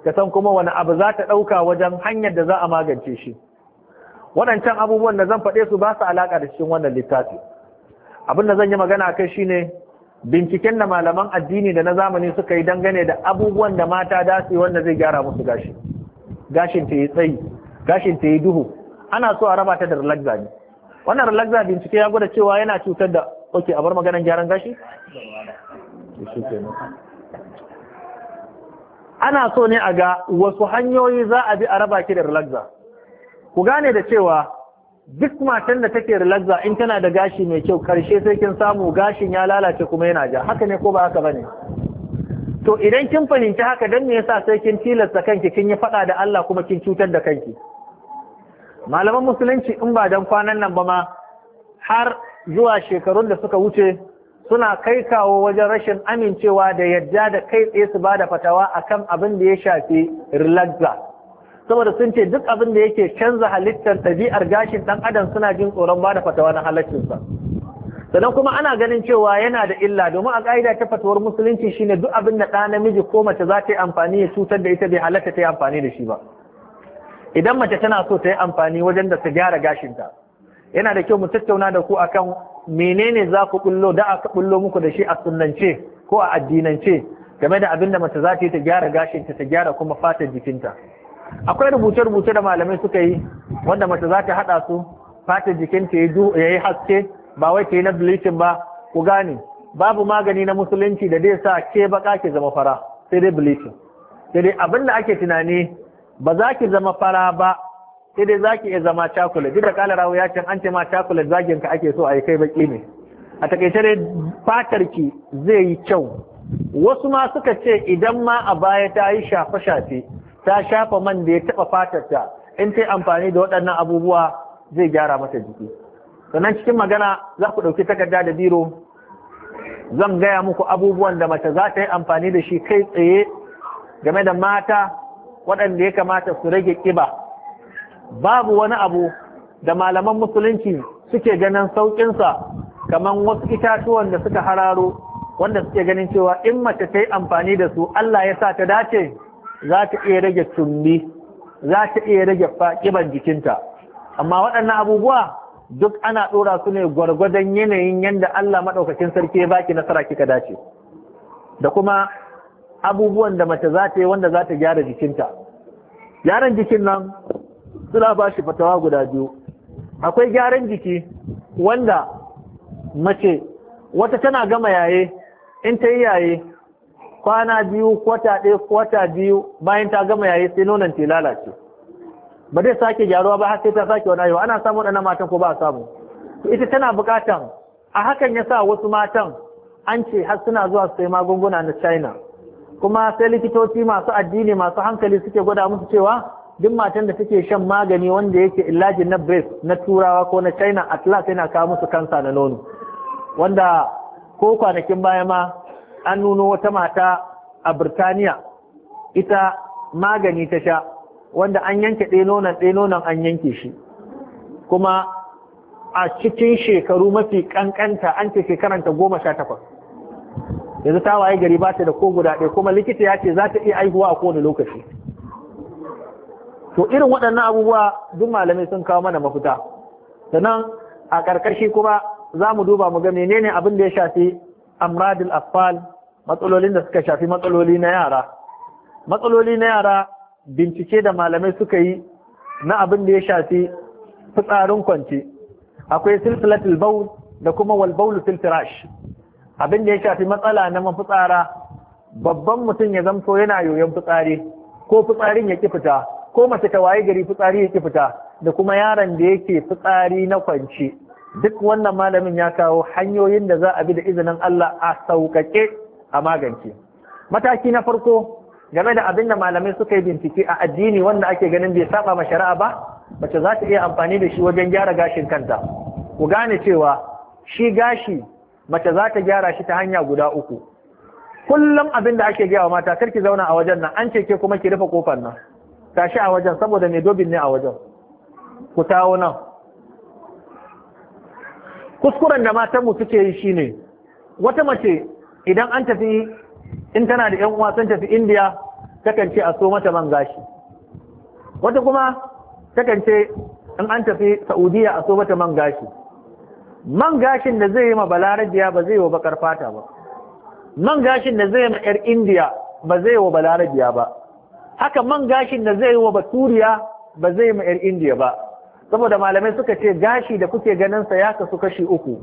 ta san kuma wani abu za ta ɗauka wajen hanyar da za a magance shi waɗancan abubuwan da zan faɗe su ba su alaƙa da cikin wannan littafi abin da zan yi magana kai shine binciken da malaman addini da na zamani suka yi dangane da abubuwan da mata da su wanda zai gyara musu gashi gashin ta yi tsayi gashin ta yi duhu ana so a raba ta da relaxa ne wannan relaxa bincike ya gwada cewa yana cutar da oke a bar maganar gyaran gashi ana so ne a ga wasu hanyoyi za a bi a raba ki da relaxer ku gane da cewa duk matan da take relaxer in tana da gashi mai kyau karshe sai kin samu gashin ya lalace kuma yana ja haka ne ko ba haka bane to idan kin fahimci haka dan me yasa sai kin tilasta kanki kin yi faɗa da Allah kuma kin cutar da kanki malaman musulunci in ba dan kwanan nan ba ma har zuwa shekarun da suka wuce suna kai kawo wajen rashin amincewa da yadda da kai tsaye su ba da fatawa akan abin da ya shafi rilagza saboda sun ce duk abin da yake canza halittar ɗabi'ar gashin ɗan adam suna jin tsoron ba da fatawa na halaccinsa sannan kuma ana ganin cewa yana da illa domin a ƙa'ida ta fatawar musulunci shine duk abin da ɗa namiji ko mace za ta yi amfani ya cutar da ita bai halatta ta yi amfani da shi ba idan mace tana so ta yi amfani wajen da ta gyara gashinta yana da kyau mu tattauna da ku akan menene za ku bullo da aka bullo muku da shi a sunnance ko a addinance game da abin da mace za ta yi ta gyara gashinta ta gyara kuma fatar jikinta akwai rubuce-rubuce da malamai suka yi wanda mace za ta haɗa su fatar jikinta ya yi haske ba wai ta yi na bleaching ba ku gane babu magani na musulunci da zai sa ke baka ke zama fara sai dai bleaching sai dai abin da ake tunani ba za ki zama fara ba sai dai zaki iya zama cakula duk da kala rawo ya can an ce ma cakula zagin ka ake so a yi kai baki ne a takaice dai fatar ki zai yi kyau wasu ma suka ce idan ma a baya ta yi shafe shafe ta shafa man da ya taba fatar ta in ta amfani da waɗannan abubuwa zai gyara mata jiki sannan cikin magana za ku ɗauki takarda da biro zan gaya muku abubuwan da mace za ta yi amfani da shi kai tsaye game da mata waɗanda ya kamata su rage ƙiba babu wani abu da malaman musulunci suke ganin sauƙinsa kamar wasu itatuwan da suka hararo wanda suke ganin cewa in mace ta yi amfani da su Allah ya sa ta dace za ta iya rage tumbi za ta iya rage faƙiban jikinta amma waɗannan abubuwa duk ana ɗora su ne gwargwadon yanayin yadda Allah maɗaukacin sarki ya baki nasara kika dace da kuma abubuwan da mace za ta yi wanda za ta gyara jikinta gyaran jikin nan suna ba shi fatawa guda biyu akwai gyaran jiki wanda mace wata tana gama yaye in ta yi yaye kwana biyu kwata ɗaya kwata biyu bayan ta gama yaye sai nonon ta lalace ba zai sake gyaruwa ba har sai ta sake wani ayo ana samu waɗannan matan ko ba a samu ita tana buƙatan a hakan ya sa wasu matan an ce har suna zuwa su sai magunguna na china kuma sai likitoci masu addini masu hankali suke gwada musu cewa duk matan da suke shan magani wanda yake illajin na breast na turawa ko na china atlas yana kawo musu kansa na nono wanda ko kwanakin baya ma an nuno wata mata a birtaniya ita magani ta sha wanda an yanke ɗaya nonon ɗaya nonon an yanke shi kuma a cikin shekaru mafi kankanta an ce shekaranta goma sha takwas yanzu ta waye gari ba ta da ko guda ɗaya kuma likita ya ce za ta iya aihuwa a kowane lokaci to irin waɗannan abubuwa duk malamai sun kawo mana mafita sannan a ƙarƙashi kuma za mu duba mu ga menene abin da ya shafi amradul afal matsalolin da suka shafi matsaloli na yara matsaloli na yara bincike da malamai suka yi na abin da ya shafi fitsarin kwance akwai silsilatul bawl da kuma wal bawl fil abin da ya shafi matsala na mafitsara babban mutum ya zamto yana yoyon fitsari ko fitsarin ya ki fita ko mace ta waye gari fitsari yake fita da kuma yaron da yake fitsari na kwance duk wannan malamin ya kawo hanyoyin da za a bi da izinin Allah a sauƙaƙe a magance mataki na farko game da abin da malamai suka yi bincike a addini wanda ake ganin bai saba ma shari'a ba mace za ta iya amfani da shi wajen gyara gashin kanta ku gane cewa shi gashi mace za ta gyara shi ta hanya guda uku kullum abin da ake gaya wa mata karki zauna a wajen nan an ce ke kuma ki rufe kofar nan tashi a wajen saboda mai dobin ne a wajen ku tawo nan kuskuren da matanmu suke yi shine wata mace idan an tafi in tana da 'yan uwa sun tafi indiya takan ce a so mata man gashi wata kuma takan ce in an tafi saudiya a so mata man gashi man gashin da zai yi ma balarabiya ba zai yi wa bakar fata ba man gashin da zai yi ma 'yar indiya ba zai yi wa balarabiya ba haka man gashin da zai yi wa baturiya ba zai ma yar indiya ba saboda malamai suka ce gashi da kuke ganinsa ya kasu kashi uku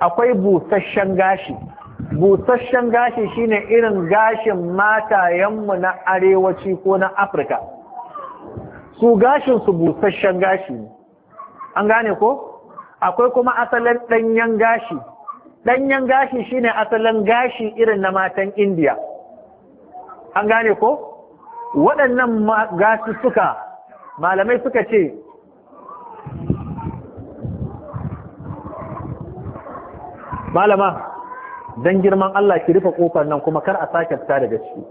akwai busasshen gashi busasshen gashi shine irin gashin matayenmu na arewaci ko na afirka su gashin su busasshen gashi ne an gane ko akwai kuma asalin ɗanyen gashi ɗanyen gashi shine asalin gashi irin na matan indiya an gane ko waɗannan suka malamai suka ce malama don girman Allah ki rufe ƙofar nan kuma kar a sake fita daga ciki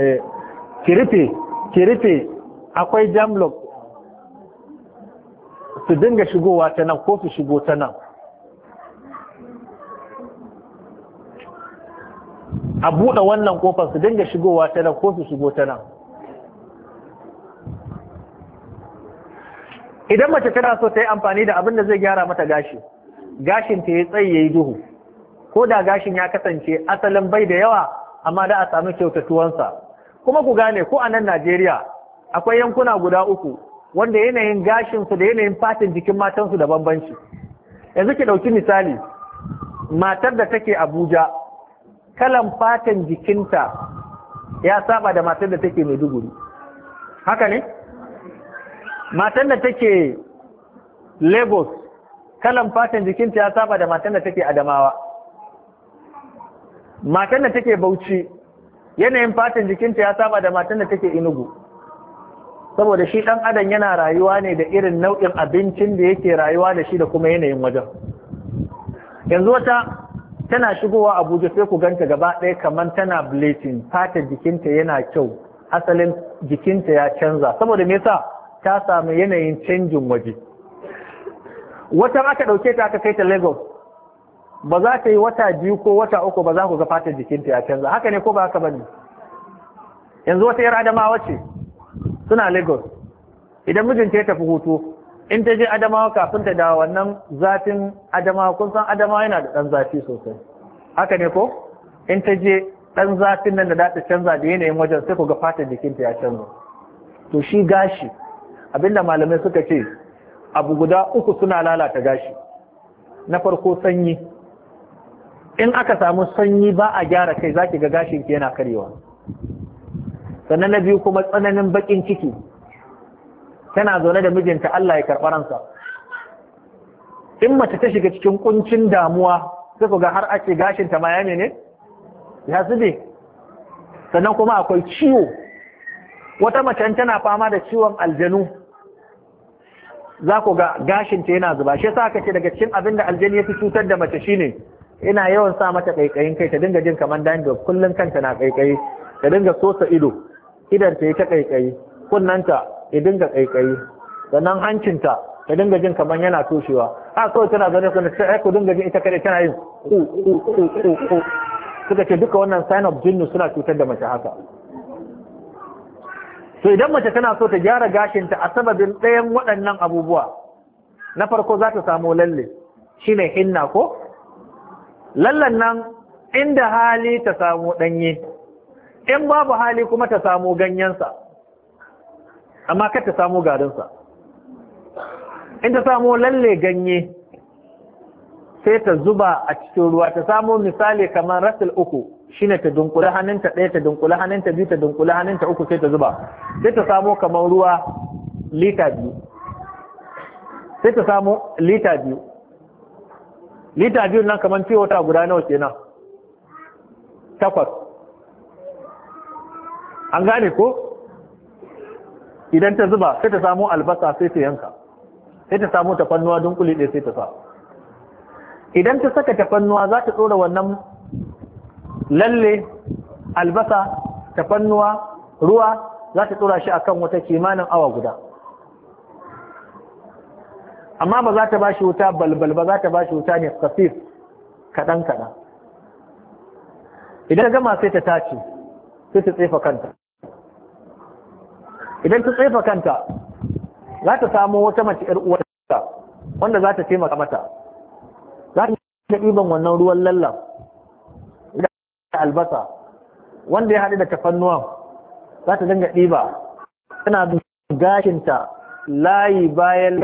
eh, ki rufe ki rufe akwai jamlok su dinga shigowa ta nan ko su shigo ta nan a buɗe wannan kofar su dinga shigowa ta nan ko su shigo ta nan idan mace tana so ta yi amfani da abin da zai gyara mata gashi gashin ta ya tsayi ya yi duhu ko da gashin ya kasance asalin bai da yawa amma da a sami kyautatuwansa kuma ku gane ko a nan najeriya akwai yankuna guda uku wanda yanayin gashinsu da yanayin fatin jikin matansu da bambanci yanzu ki ɗauki misali matar da take abuja kalan fatan jikinta ya saba da matan da take mai duguri haka ne matan da take lagos kalan fatan jikinta ya saba da matan da take adamawa matan da take bauchi yanayin fatan jikinta ya saba da matan da take inugu saboda shi ɗan adam yana rayuwa ne da irin nau'in abincin da yake rayuwa da shi da kuma yanayin wajen yanzu wata tana shigowa abuja sai ku ganta gaba ɗaya kamar tana bleaching fatar jikinta yana kyau asalin jikinta ya canza saboda me yasa ta samu yanayin canjin waje wata aka ɗauke ta aka kai ta lagos ba za ta yi wata biyu ko wata uku ba za ku ga fatar jikinta ya canza haka ne ko ba haka bane yanzu wata yar adamawa ce suna lagos idan mijinta ya tafi hutu in ta je adamawa kafin ta dawo wannan zafin adamawa kun san adamawa yana da ɗan zafi sosai haka ne ko in ta je ɗan zafin nan da za ta canza da yanayin wajen sai ku ga fatan jikinta ya canza to shi gashi abinda malamai suka ce abu guda uku suna lalata gashi na farko sanyi in aka samu sanyi ba a gyara kai zaki ga gashin ki yana karewa sannan na biyu kuma tsananin bakin ciki tana zaune da mijinta Allah ya karɓar ransa in mace ta shiga cikin kuncin damuwa sai ku ga har ake gashin ta ma ya ne? ya zube sannan kuma akwai ciwo wata mace tana fama da ciwon aljanu za ku ga gashin ta yana zuba shi yasa aka ce daga cikin abin da aljani ya fi cutar da mace shine ina yawan sa mata kaikayin kai ta dinga jin kamar dan da kullun kanta na kaikayi ta dinga sosa ido idan ta yi ta kaikayi kunnanta ya dinga kaikayi sannan hancinta ta dinga jin kamar yana toshewa a kawai tana zane ku sai ku dinga jin ita kare tana yin ku ku ku ku ku suka ce duka wannan sign of jinnu suna cutar da mace haka to idan mace tana so ta gyara gashinta a sababin ɗayan waɗannan abubuwa na farko za ta samu lalle shine hinna ko lallan nan inda hali ta samu ɗanye in babu hali kuma ta samu ganyensa amma kata ta samo garinsa in ta samo lalle ganye sai ta zuba a cikin ruwa ta samo misali kamar rasul uku shine ta dunkule hannunta ɗaya ta dunkule hannunta biyu ta dunkule hannunta uku sai ta zuba sai ta samo kamar ruwa lita biyu sai ta samo lita biyu lita biyu nan kamar cewa ta guda nawa kenan takwas an gane ko idan ta zuba sai ta samu albasa sai ta yanka sai ta samu tafannuwa kuli ɗaya sai ta sa idan ta saka tafannuwa za ta tsora wannan lalle albasa tafannuwa ruwa za ta tsora shi akan wata kimanin awa guda amma ba za ta ba shi wuta balbal ba za ta ba shi wuta ne kafif kaɗan kaɗan idan gama sai ta tace sai ta tsefa kanta idan ta tsefa kanta za ta samu wata mace ‘yar uwarta wanda za ta taimaka mata za ta ɗiban wannan ruwan lallan ta albasa wanda ya haɗu da tafannuwan, za ta dinga ɗiba tana gashinta layi bayan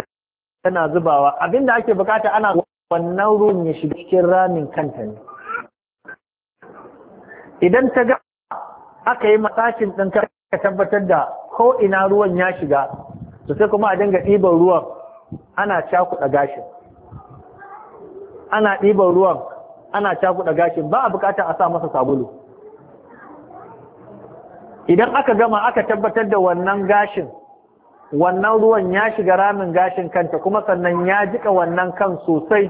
tana zubawa abinda ake bukata ana wannan ruwan ya shiga cikin ramin kanta ne idan ta ga aka yi matsashin ɗin ka tabbatar da ko ina ruwan ya shiga to sai kuma a dinga ɗiban ruwan ana cakuɗa gashin ana ɗiban ruwan ana cakuɗa gashin ba a bukata a sa masa sabulu idan aka gama aka tabbatar da wannan gashin wannan ruwan ya shiga ramin gashin kanta kuma sannan ya jika wannan kan sosai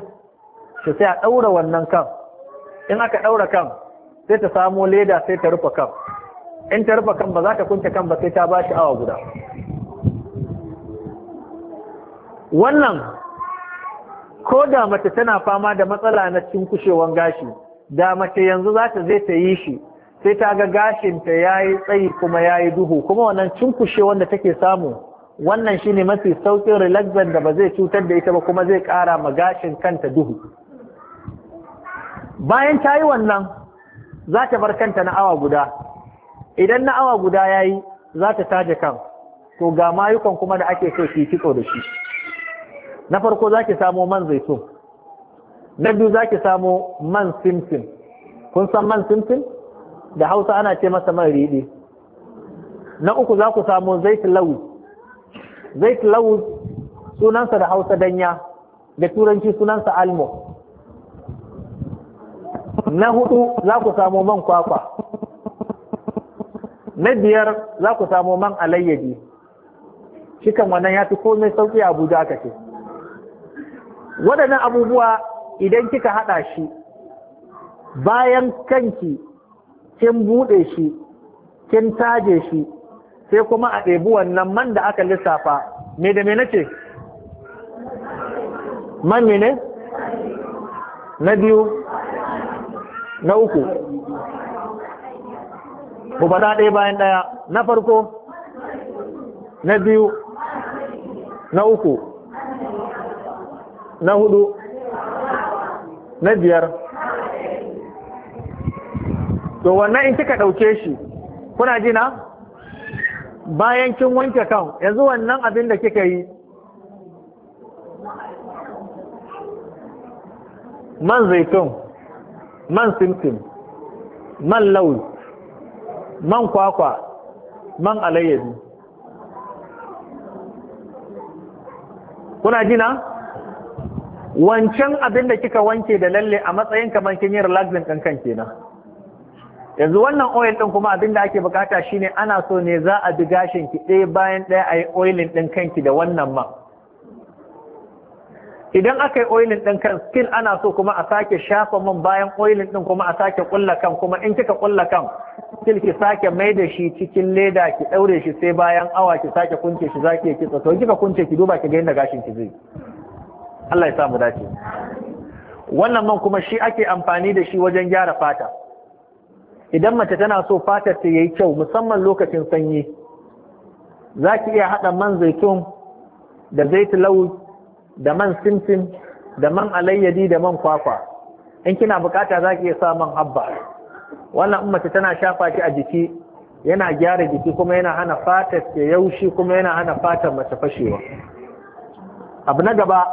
to sai a ɗaura wannan kan in aka ɗaura kan sai ta samo leda sai ta rufe kan in ta rufe kan ba za ta kunce kan ba sai ta ba shi awa guda wannan ko da mace tana fama da matsala na kushewan gashi da mace yanzu za ta zai ta yi shi sai ta ga gashinta ya yi tsayi kuma ya yi duhu kuma wannan cinkushewan da take samu wannan shine mafi saukin relaxant da ba zai cutar da ita ba kuma zai kara ma gashin kanta duhu bayan ta yi wannan za ta bar kanta na awa guda idan na awa guda ya yi za ta taje kan to ga mayukan kuma da ake so ki kitso da shi na farko za ki samo man zaitun na biyu ki samo man simsim kun san man simsim da Hausa ana ce masa man riɗi na uku za ku samo Zaitun lawu zaitun lawu sunansa da Hausa danya da turanci sunansa almo na hudu za ku samo man kwakwa na biyar za ku samo man alayyadi shi kan wannan ya fi komai sauƙi a abuja aka ce waɗannan abubuwa idan kika haɗa shi bayan kanki kin buɗe shi kin taje shi sai kuma a ɗebi wannan man da aka lissafa me da me nace man mene na biyu na uku ku faɗa ɗaya bayan ɗaya na farko na biyu na uku na hudu na biyar to wannan in kika ɗauke shi kuna jina bayan kin wanke kan yanzu wannan abin da kika yi man zaitun man simsim man lauz man kwakwa man alayyadi kuna jina wancan abin da kika wanke da lalle a matsayin kamar kin yi relaxing ɗin kenan yanzu wannan oil ɗin kuma abin da ake bukata shine ana so ne za a bi gashin ki ɗaya bayan ɗaya a yi oilin ɗin kanki da wannan man idan aka yi oilin ɗin kan skin ana so kuma a sake shafa man bayan oilin ɗin kuma a sake ƙulla kan kuma in kika ƙulla kan still ki sake mai da shi cikin leda ki ɗaure shi sai bayan awa ki sake kunce shi zaki ki tsotso kika kunce ki duba ki ga inda gashin ki zai Allah ya sa mu dace wannan man kuma shi ake amfani da shi wajen gyara fata idan mace tana so fata ta yayi kyau musamman lokacin sanyi zaki iya haɗa man zaitun da zaitun lawu da man simsim da man alayyadi da man kwakwa in kina bukata za ki iya sa man habba wannan ummata tana shafa ki a jiki yana gyara jiki kuma yana hana fata ta yaushi kuma yana hana fatar mace fashewa abu na gaba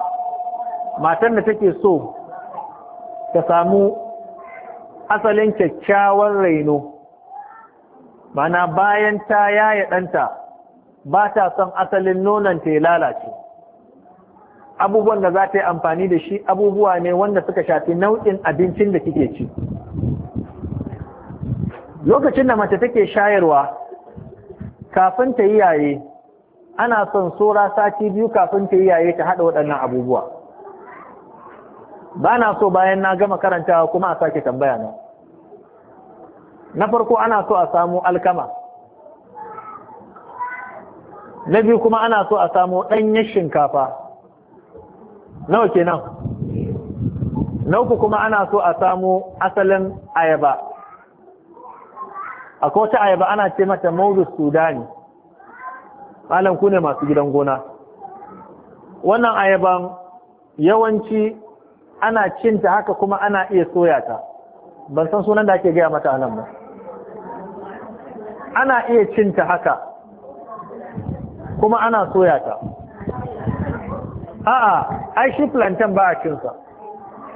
matar da take so ta samu asalin kyakkyawan raino mana bayan ta yaya ɗanta ba ta son asalin nonon ta ya lalace abubuwan da za ta yi amfani da shi abubuwa ne wanda suka shafi nau'in abincin da kike ci lokacin da mace take shayarwa kafin ta yi yaye ana son tsora sati biyu kafin ta yi yaye ta haɗa waɗannan abubuwa ba na so bayan na gama karantawa kuma a sake tambaya na na farko ana so a samu alkama na biyu kuma ana so a samu ɗanyen shinkafa nawa kenan na kuma ana so a samu asalin ayaba akwai wata ayaba ana ce mata maudus sudani malam ku ne masu gidan gona wannan ayaban yawanci ana cinta haka kuma ana iya soya ta ban san sunan da ake gaya mata a nan ba ana iya cinta haka kuma ana soya ta a'a ai shi plantain ba a cinsa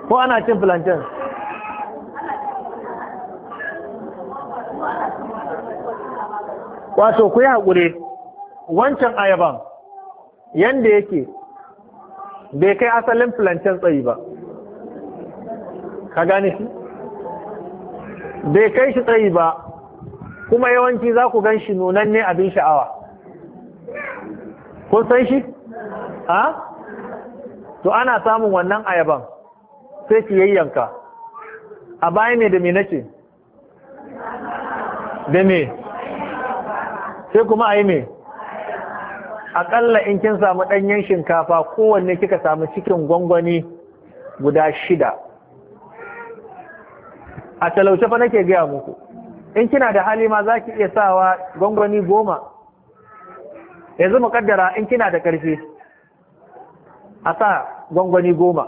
ko ana cin plantain wato ku yi haƙure wancan ayaban yanda yake bai kai asalin plantain tsayi ba ka gane shi bai kai shi tsayi ba kuma yawanci za ku gan shi nunanne abin sha'awa kun san shi? to ana samun wannan ayaban sai ki yayyanka a baya ne da me nake da me sai kuma a yi me aƙalla in kin samu ɗanyen shinkafa kowanne kika samu cikin gwangwani guda shida a talauce fa nake gaya muku in kina da hali ma za ki iya sawa gwangwani goma yanzu mu kaddara in kina da ƙarfi a sa gwangwani goma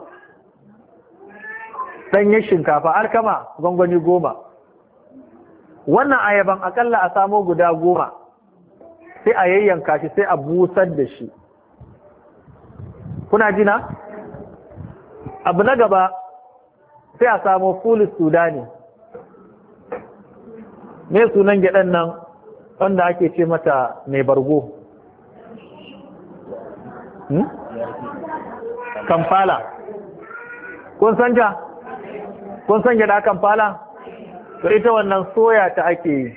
sanyin shinkafa alkama gwangwani goma wannan ayaban akalla a samo guda goma sai a yayyanka shi sai a busar da shi kuna jina abu na gaba sai a samo fulis sudani me sunan gyaɗan nan wanda ake ce mata mai bargo hmm? kamfala kun san kun san gyaɗa kamfala to ita wannan soya ta ake yi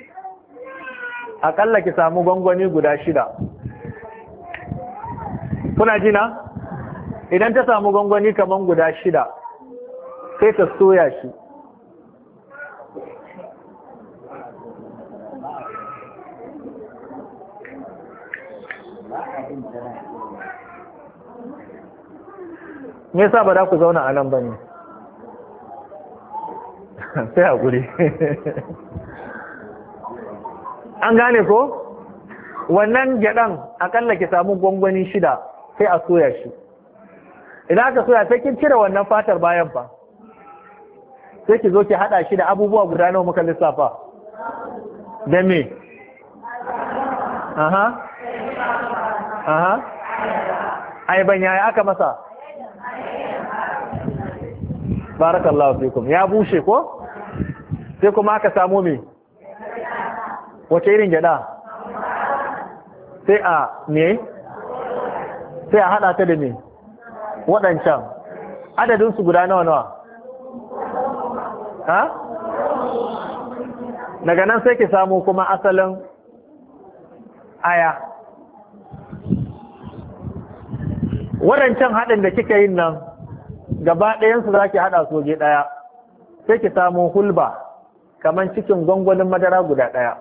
akalla ki samu gwangwani guda shida kuna jina idan ta samu gwangwani kaman guda shida sai ta soya shi me yasa ba za ku zauna a nan ba ne sai haƙuri an gane ko wannan gyaɗan akalla ki samu gwangwani shida sai a soya shi idan aka soya sai kin cire wannan fatar bayan fa sai ki zo ki haɗa shi da abubuwa guda nawa muka lissafa da me aha aha ai ban yaya aka masa barakallahu fikum ya bushe ko sai kuma aka samu me wace irin gyada sai a me sai a hada ta da me waɗancan adadin su guda nawa nawa ha daga nan sai ki samu kuma asalin aya waɗancan haɗin da kika yin nan gaba ɗayansu za ki haɗa soje ɗaya sai ki samu hulba kamar cikin gwangwanin madara guda ɗaya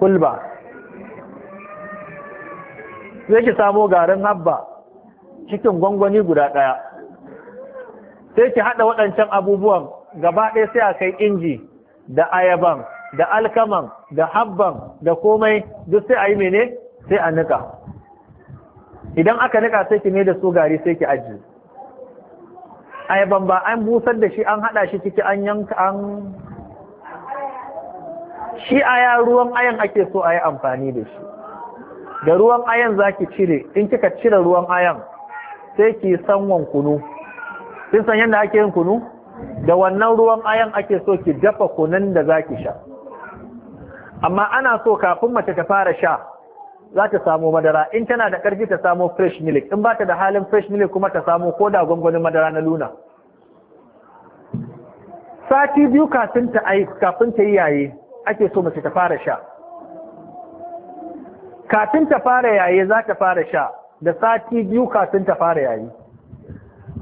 hulba sai ki samu garin habba cikin gwangwani guda ɗaya sai ki haɗa waɗancan abubuwan gaba ɗaya sai a kai inji da ayaban da alkaman da habban da komai duk sai a yi mene sai a nika idan aka niƙa sai ki ne da su gari sai ki ajiye ayaban ba an busar da shi an hada shi ciki an yanka an shi aya ruwan ayan ake so a yi amfani da shi da ruwan ayan za ki cire in kika cire ruwan ayan sai ki sanwan kunu kin san yadda ake yin kunu da wannan ruwan ayan ake so ki dafa kunun da za ki sha amma ana so kafin mace ta fara sha za ta samu madara in tana da ƙarfi ta samu fresh milk in ba ta da halin fresh milk kuma ta samu ko da gwangwanin madara na luna sati biyu kafin ta kafin ta yi yaye ake so mace ta fara sha kafin ta fara yaye za ta fara sha da sati biyu kafin ta fara yaye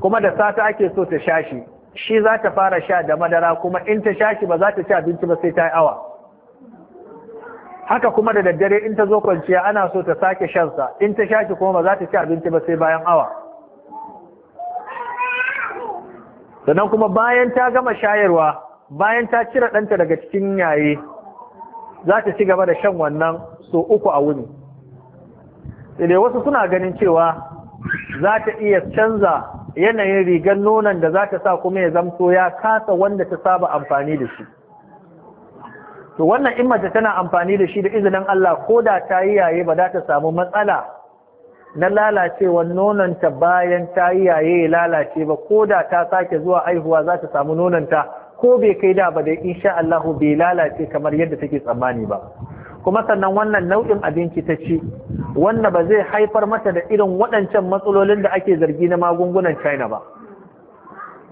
kuma da sata ake so ta sha shi shi za ta fara sha da madara kuma in ta sha shi ba za ta ci abinci ba sai ta yi awa haka kuma da daddare in ta zo kwanciya ana so ta sake shansa in ta shaki kuma ba za ta ci abinci ba sai bayan awa sannan kuma bayan ta gama shayarwa bayan ta cire ɗanta daga cikin yaye za ta ci gaba da shan wannan so uku a wuni sai wasu suna ganin cewa za ta iya canza yanayin rigar nonon da za ta sa kuma ya zamto ya kasa wanda ta saba amfani da shi to wannan in mace tana amfani da shi da izinin Allah ko da ta yi yaye ba za ta samu matsala na lalacewar nononta bayan ta yi yaye ya lalace ba ko da ta sake zuwa haihuwa za ta samu nononta ko bai kai da ba da insha Allah bai lalace kamar yadda take tsammani ba kuma sannan wannan nau'in abinci ta ci wanda ba zai haifar mata da irin waɗancan matsalolin da ake zargi na magungunan China ba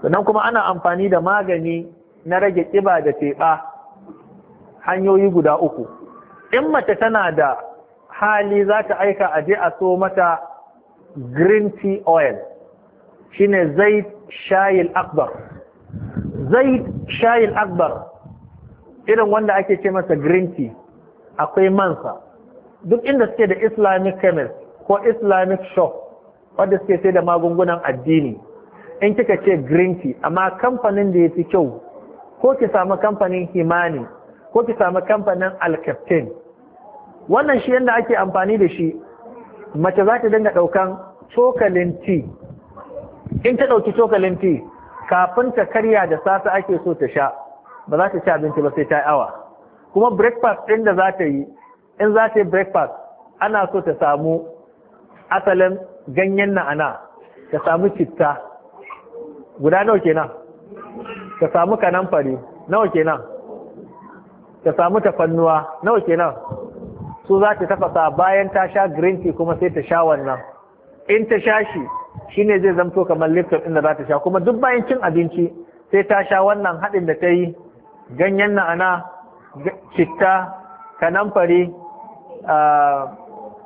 sannan kuma ana amfani da magani na rage kiba da teɓa hanyoyi guda uku in mace tana da hali za ta aika a je a so mata green tea oil Shi ne zait shayil akbar zait shayil akbar irin wanda ake ce masa green tea akwai mansa duk inda suke da islamic chemist ko islamic shop wadda suke sai da magungunan addini in kika ce green tea amma kamfanin da ya fi kyau ko ki samu kamfanin himani ko ki samu kamfanin alkaftin wannan shi yadda ake amfani da shi mace za ta dinga ɗaukan cokalin ti in ta ɗauki cokalin ti kafin ta karya da safe ake so ta sha ba za ta ci abinci ba sai ta yi awa kuma breakfast ɗin da za ta yi in za ta yi breakfast ana so ta samu asalin ganyen na'ana ta samu citta guda nawa kenan ta samu kanamfari nawa kenan ta samu tafannuwa nawa kenan su za ta tafasa bayan ta sha green tea kuma sai ta sha wannan in ta sha shi shine zai zamto kamar laptop din da za ta sha kuma duk bayan cin abinci sai ta sha wannan haɗin da ta yi ganyen na'ana citta kanamfari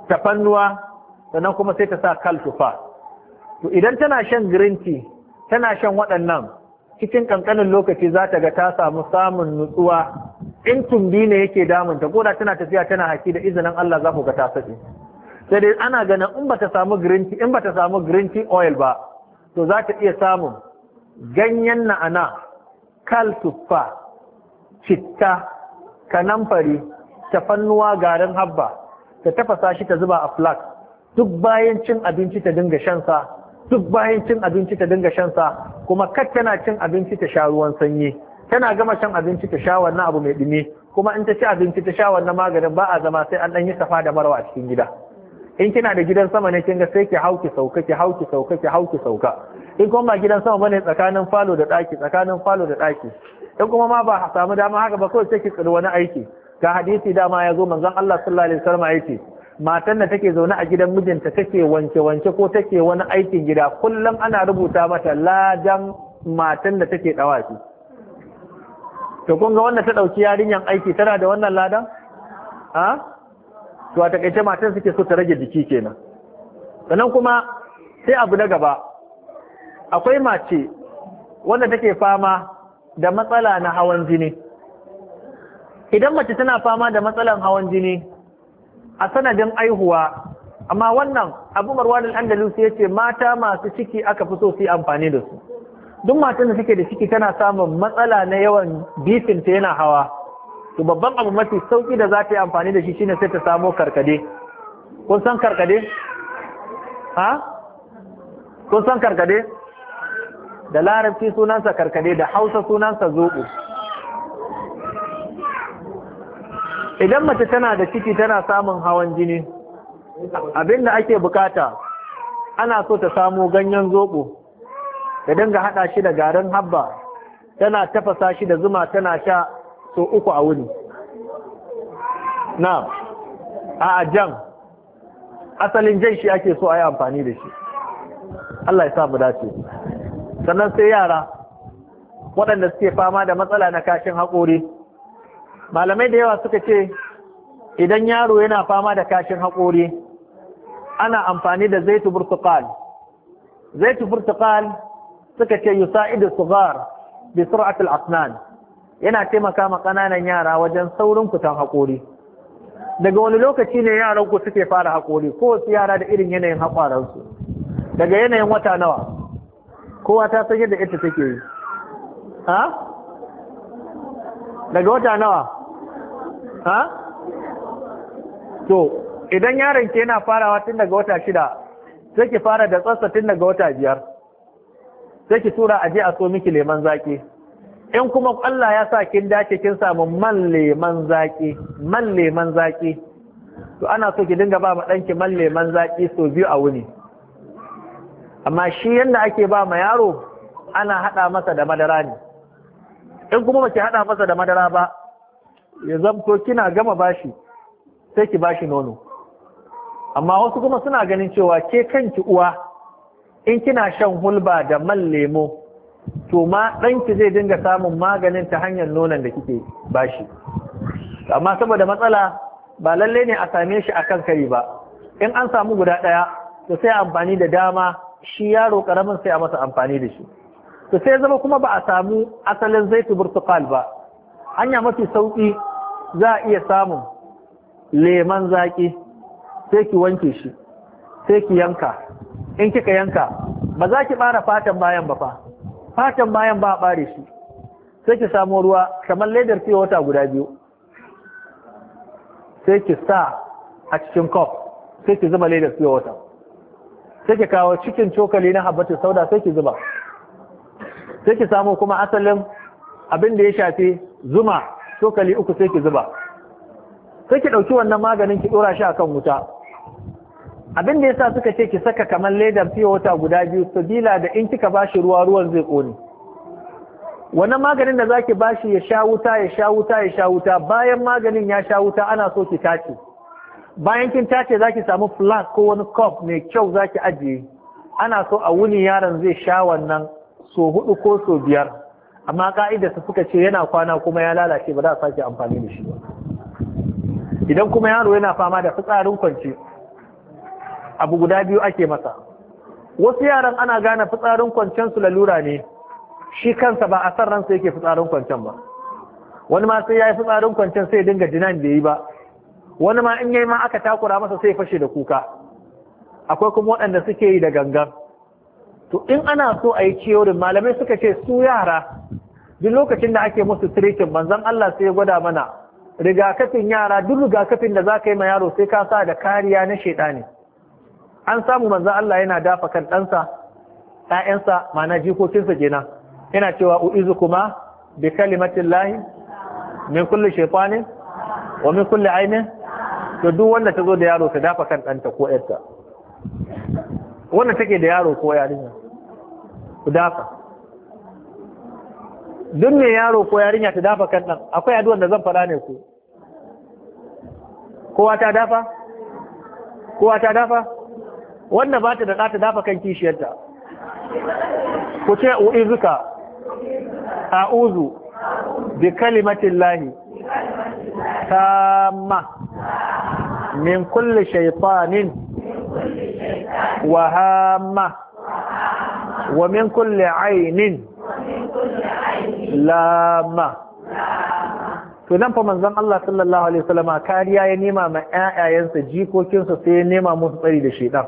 tafannuwa sannan kuma sai ta sa tufa to idan tana shan green tea tana shan waɗannan cikin ƙanƙanin lokaci za ta ga ta samu samun nutsuwa in tumbi ne yake damunta ko da tana tafiya tana haki da izinin Allah za ku ga ta sai dai ana ganin in bata samu green tea in bata samu green tea oil ba to za ta iya samun ganyen na'ana kal tuffa citta kanamfari tafannuwa garin habba ta tafasa shi ta zuba a flask duk bayan cin abinci ta dinga shan sa duk bayan cin abinci ta dinga shan sa kuma kar tana cin abinci ta sha ruwan sanyi tana gama shan abinci ta sha wannan abu mai dumi kuma in ta ci abinci ta sha wannan maganin ba a zama sai an dan yi safa da marwa a cikin gida in kina da gidan sama ne kin ga sai ki hauki sauka ki hauki sauka ki hauki sauka in kuma ba gidan sama bane tsakanin falo da daki tsakanin falo da daki in kuma ma ba a samu dama haka ba kawai sai ki tsiri wani aiki ga hadisi dama ya zo manzon Allah sallallahu alaihi wasallam aiki matan da take zaune a gidan mijinta take wanke wanke ko take wani aikin gida kullum ana rubuta mata ladan matan da take dawaki to kun ga wannan ta ɗauki yarinyar aiki tana da wannan ladan ha? to a takaice matan suke so ta rage jiki kenan sannan kuma sai abu na gaba akwai mace wanda take fama da matsala na hawan jini idan mace tana fama da matsalan hawan jini a sanadin aihuwa amma wannan abu marwan al ya yace mata masu ciki aka fi so su yi amfani da su duk matan da suke da ciki tana samun matsala na yawan bisinta yana hawa to babban abu mafi sauki da za ta yi amfani da shi shine sai ta samo karkade kun san karkade ha kun san karkade da larabci sunansa karkade da hausa sunansa zoɓo idan mace tana da ciki tana samun hawan jini abinda ake bukata ana so ta samo ganyen zoɓo da dinga haɗa shi da garin habba tana tafasa shi da zuma tana sha so uku a wuni na a jam asalin jan shi ake so a yi amfani da shi Allah ya sa mu dace sannan sai yara waɗanda suke fama da matsala na kashin haƙori malamai da yawa suka ce idan yaro yana fama da kashin haƙori ana amfani da zaitu burtukal zaitu burtukal suka ce yusaidu sughar bi sur'ati al-asnan yana taimaka ma kananan yara wajen saurin kutan haƙori. daga wani lokaci ne yaran ku suke fara haƙori ko su yara da irin yanayin hakoran su daga yanayin wata nawa kowa ta san yadda ita take yi ha daga wata nawa ha to idan yaron ke yana farawa tun daga wata shida sai ki fara da tsatsa tun daga wata biyar sai ki tura aje a so miki leman zaki in kuma Allah ya sa kin dace kin samu man leman zaki man leman zaki to ana so ki dinga ba ma danki man leman zaki so biyu a wuni amma shi yanda ake ba ma yaro ana hada masa da madara ne in kuma baki hada masa da madara ba ya zamto kina gama bashi sai ki bashi nono amma wasu kuma suna ganin cewa ke kanki uwa in kina shan hulba da man lemo to ma ɗanki zai dinga samun maganin ta hanyar nonon da kike bashi amma saboda matsala ba lalle ne a same shi akan kari ba in an samu guda ɗaya to sai amfani da dama shi yaro karamin sai a masa amfani da shi to sai zama kuma ba a samu asalin zaitu burtukal ba hanya mafi sauki za a iya samun leman zaki sai ki wanke shi sai ki yanka in kika yanka ba za ki bara fatan bayan ba fa fatan bayan ba bare shi sai ki samo ruwa kamar ledar fiye wata guda biyu sai ki sa a cikin kof sai ki zuba ledar fiye wata sai ki kawo cikin cokali na habbatin sauda sai ki zuba sai ki samo kuma asalin abin da ya shafe zuma cokali uku sai ki zuba sai ki ɗauki wannan maganin ki ɗora shi akan wuta abin da yasa suka ce ki saka kamar ledar fiye wata guda biyu sabila da in kika bashi ruwa ruwan zai ƙone wannan maganin da zaki shi ya sha wuta ya sha wuta ya sha wuta bayan maganin ya sha wuta ana so ki tace bayan kin tace zaki samu flask ko wani cup mai kyau zaki ajiye ana so a wuni yaron zai sha wannan so hudu ko so biyar amma ka'ida su suka ce yana kwana kuma ya lalace ba za a sake amfani da shi ba idan kuma yaro yana fama da fitsarin kwance abu guda biyu ake masa wasu yaran ana gane fitsarin kwancen su lalura ne shi kansa ba a san ransa yake fitsarin kwancen ba wani ma sai ya yi fitsarin kwancen sai dinga dinan da yi ba wani ma in yayi ma aka takura masa sai fashe da kuka akwai kuma waɗanda suke yi da gangan to in ana so a yi ciyorin malamai suka ce su yara duk lokacin da ake musu tirikin manzon Allah sai ya gwada mana rigakafin yara duk rigakafin da za ka yi ma yaro sai ka sa da kariya na ne. an samu manzon Allah yana dafa kan ɗansa 'ya'yansa, ma'ana jikokinsa kenan yana cewa u'izu kuma bi kalimatin lahi min kulle shaitanin wa min kulle ainihin, to duk wanda ta zo da yaro ta dafa kan ɗanta ko ƴarta wanda take da yaro ko yarinya ku dafa duk mai yaro ko yarinya ta dafa kan ɗan akwai addu'ar da zan faɗa ne ku kowa ta dafa kowa ta dafa Wannan ba ta da ɗata ta dafa kan kishiyarta ku ce u'izuka a'uzu bi kalimatin lahi tamma min kulli shaitanin wa hamma wa min kulli ainin lama to nan fa manzon Allah sallallahu alaihi wasallama kariya ya nema ma yayayansa jikokinsa sai ya nema musu tsari da shedan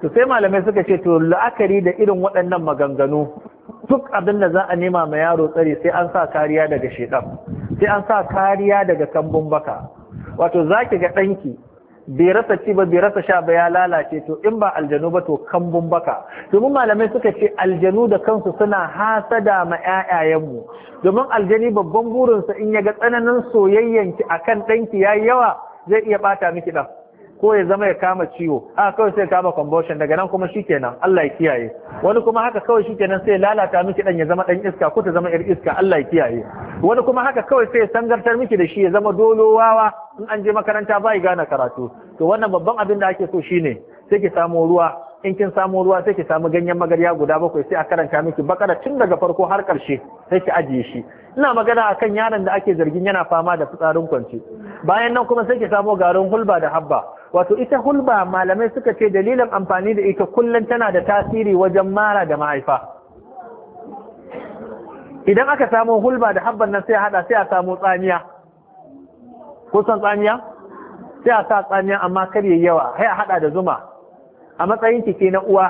to sai malamai suka ce to la'akari da irin waɗannan maganganu duk abin da za a nema ma yaro tsari sai an sa kariya daga shedan sai an sa kariya daga kambun baka wato zaki ga ɗanki bai rasa ci ba bai rasa sha ba ya lalace to in ba aljanu ba to kambun baka domin malamai suka ce aljanu da kansu suna hasada ma ƴaƴayenmu domin aljani babban burinsa in ya ga tsananin soyayyanki akan ɗanki yayi yawa zai iya ɓata miki ɗan ko ya zama ya kama ciwo a kawai sai kama convulsion daga nan kuma shikenan Allah ya kiyaye wani kuma haka kawai shikenan sai lalata miki dan ya zama dan iska ko ta zama yar iska Allah ya kiyaye wani kuma haka kawai sai sangartar miki da shi ya zama wawa in an je makaranta ba ya gane karatu to wannan babban abin da ake so shine sai ki samu ruwa in kin samu ruwa sai ki samu ganyen magarya guda bakwai sai a karanta miki bakara tun daga farko har karshe sai ki ajiye shi ina magana akan yaron da ake zargin yana fama da fitsarin kwance bayan nan kuma sai ki samu garin hulba da habba wato ita hulba malamai suka ce dalilin amfani da ita kullum tana da tasiri wajen mara da mahaifa idan aka samu hulba da habban nan sai a hada sai a samu tsamiya kusan tsamiya sai a sa tsamiya amma karye yawa sai a hada da zuma a matsayin ki na uwa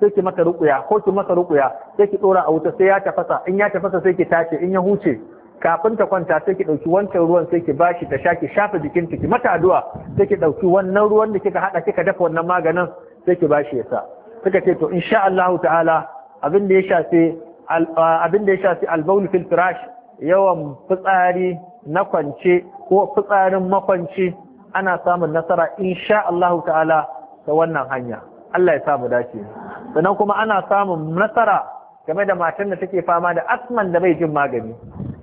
sai ki mata rukuya ko ki masa rukuya sai ki dora a wuta sai ya tafasa in ya tafasa sai ki tace in ya huce kafin ta kwanta sai ki ɗauki wancan ruwan sai ki bashi ta sha ki shafa jikin ki mata addu'a sai ki ɗauki wannan ruwan da kika haɗa kika dafa wannan maganin sai ki bashi ya sa suka ce to insha Allah ta'ala abin da ya shafi abin da ya shafi albaul fil firash yawan fitsari na kwance ko fitsarin makwanci ana samun nasara insha Allah ta'ala ta wannan hanya Allah ya sa mu dace sannan kuma ana samun nasara game da matan da take fama da asman da bai jin magani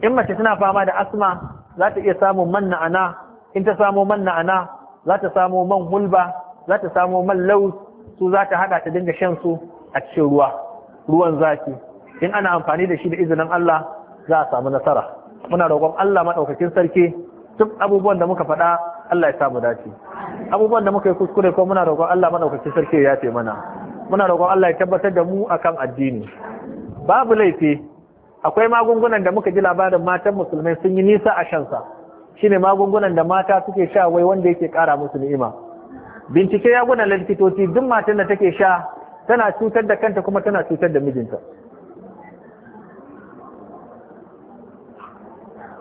in mace tana fama da asma za ta iya samun man na'ana in ta samo man na'ana za ta samo man hulba za ta samo man laus su za ta hada ta dinga shan su a cikin ruwa ruwan zaki in ana amfani da shi da izinin Allah za a samu nasara muna roƙon Allah madaukakin sarki duk abubuwan da muka faɗa Allah ya samu dace abubuwan da muka yi kuskure ko muna roƙon Allah madaukakin sarki ya yafe mana muna roƙon Allah ya tabbatar da mu akan addini babu laifi akwai magungunan da muka ji labarin matan musulmai sun yi nisa a shansa shine magungunan da mata suke sha wai wanda yake kara musu ni'ima bincike ya gwada likitoci duk matan da take sha tana cutar da kanta kuma tana cutar da mijinta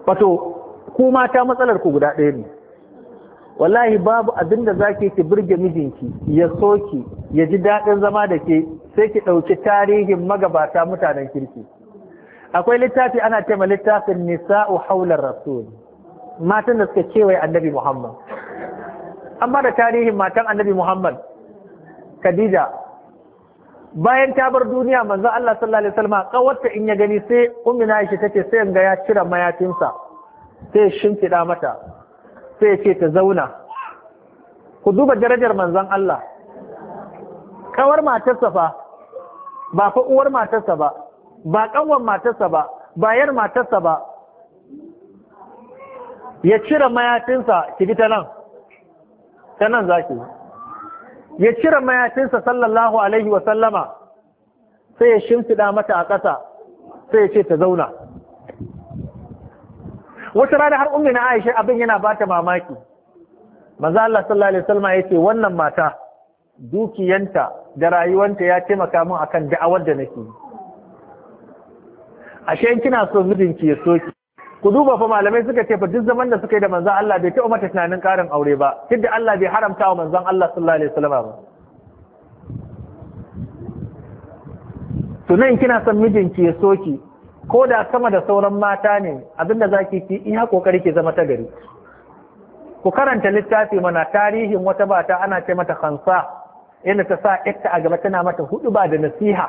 wato ku mata matsalar ku guda ɗaya ne wallahi babu abin da zaki ki burge mijinki ya soki ya ji daɗin zama da ke sai ki ɗauki tarihin magabata mutanen kirki akwai littafi ana ce littafin nisa'u haular rasul matan da suka kewaye annabi muhammad an ba da tarihin matan annabi muhammad khadija bayan ta bar duniya manzo Allah sallallahu alaihi wasallam kawarta in ya gani sai ummina Aisha tace sai ga ya cire mayafinsa sai shimfida mata sai ce ta zauna ku duba darajar manzon Allah kawar matarsa fa ba fa uwar matarsa ba ba ƙanwan matarsa ba bayar matarsa ba ya cire mayafinsa ki bi ta nan ta nan za ki ya cire mayafinsa sallallahu alaihi wa sallama sai ya shimfiɗa mata a ƙasa sai ya ce ta zauna wata rana har Umar na Aisha abin yana bata mamaki Maza Allah sallallahu alaihi ya ce wannan mata dukiyanta da rayuwanta ya taimaka min akan da'awar da nake yi ashe in kina so mijinki ya soki ku duba fa malamai suka ce fa duk zaman da suka yi da manzon Allah bai taɓa mata tunanin ƙarin aure ba duk da Allah bai haramta wa manzon Allah sallallahu alaihi wasallam ba to nan kina son mijinki ya soki ko da sama da sauran mata ne abinda zaki ki ha kokari ki zama ta gari ku karanta littafi mana tarihin wata bata ana ce mata kansa inda ta sa ita a gaba tana mata hudu ba da nasiha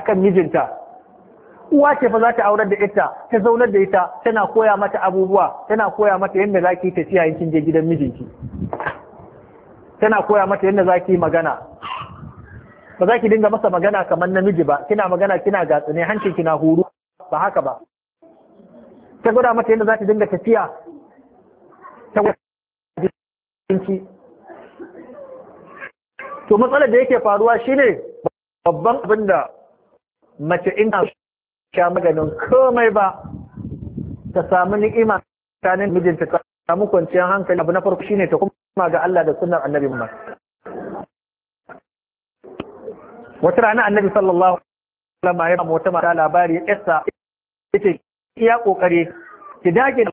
akan mijinta uwa ce fa za ta aurar da ita ta zaunar da ita tana koya mata abubuwa tana koya mata yadda za ki tafiya in kin je gidan mijinki tana koya mata yadda za ki magana ba za ki dinga masa magana kamar namiji ba kina magana kina gatsu ne hancin kina huru ba haka ba ta gwada mata yadda za ta dinga tafiya ta abinci to matsalar da yake faruwa shine babban abin da mace ina sha komai ba ta samu ni'ima tsakanin mijinta ta samu kwanciyar hankali abu na farko shine ta kuma ga Allah da sunnar annabi Muhammad wata rana annabi sallallahu alaihi wasallam wata mata labari ya tsasa iya kokare ki dage da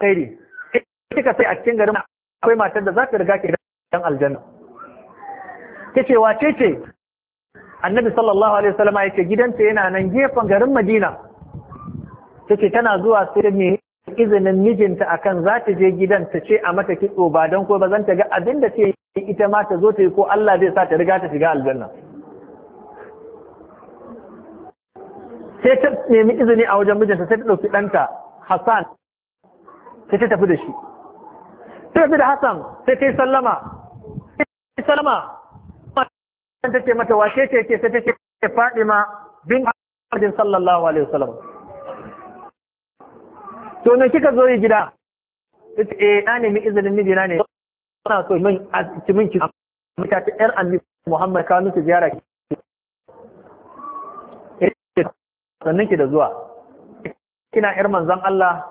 kairi kika sai a cikin garin akwai matar da za ta riga ki dan aljanna kace wace ce annabi sallallahu alaihi wasallam yake gidanta yana nan gefen garin madina take tana zuwa sai me izinin mijinta akan za ta je gidan ta ce a mata kitso ba don ko ba zan ta ga abin da ce ita ma ta zo ta yi ko Allah zai sa ta riga ta shiga aljanna sai ta nemi izini a wajen mijinta sai ta dauki ɗanta Hassan sai ta tafi da shi ta tafi da Hassan sai ta yi sallama sallama ta ce mata wace ce ce ta ce Fadima bin Muhammadin sallallahu alaihi wasallam to ne kika zo yi gida tace eh na nemi izinin miji ne ina so min min ki mata ta yar annabi Muhammad ka musu ziyara ki eh, sannan ki da zuwa kina yar manzon Allah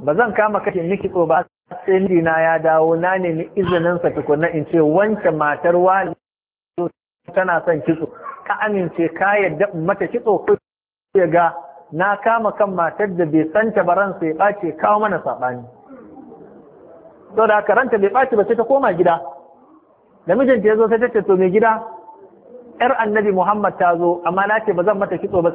ba zan kama kashe miki ko ba sai na ya dawo na nemi izinin sa tukunna in ce wancan matar wani tana son kitso ka amince ka yadda mata kitso ko ya ga na kama kan matar da bai santa ba ransa ya ɓace kawo mana saɓani to da karanta ranta bai ɓace ba sai ta koma gida da mijinta ya zo sai ta ce to mai gida yar annabi muhammad ta zo amma na ce ba zan mata kitso ba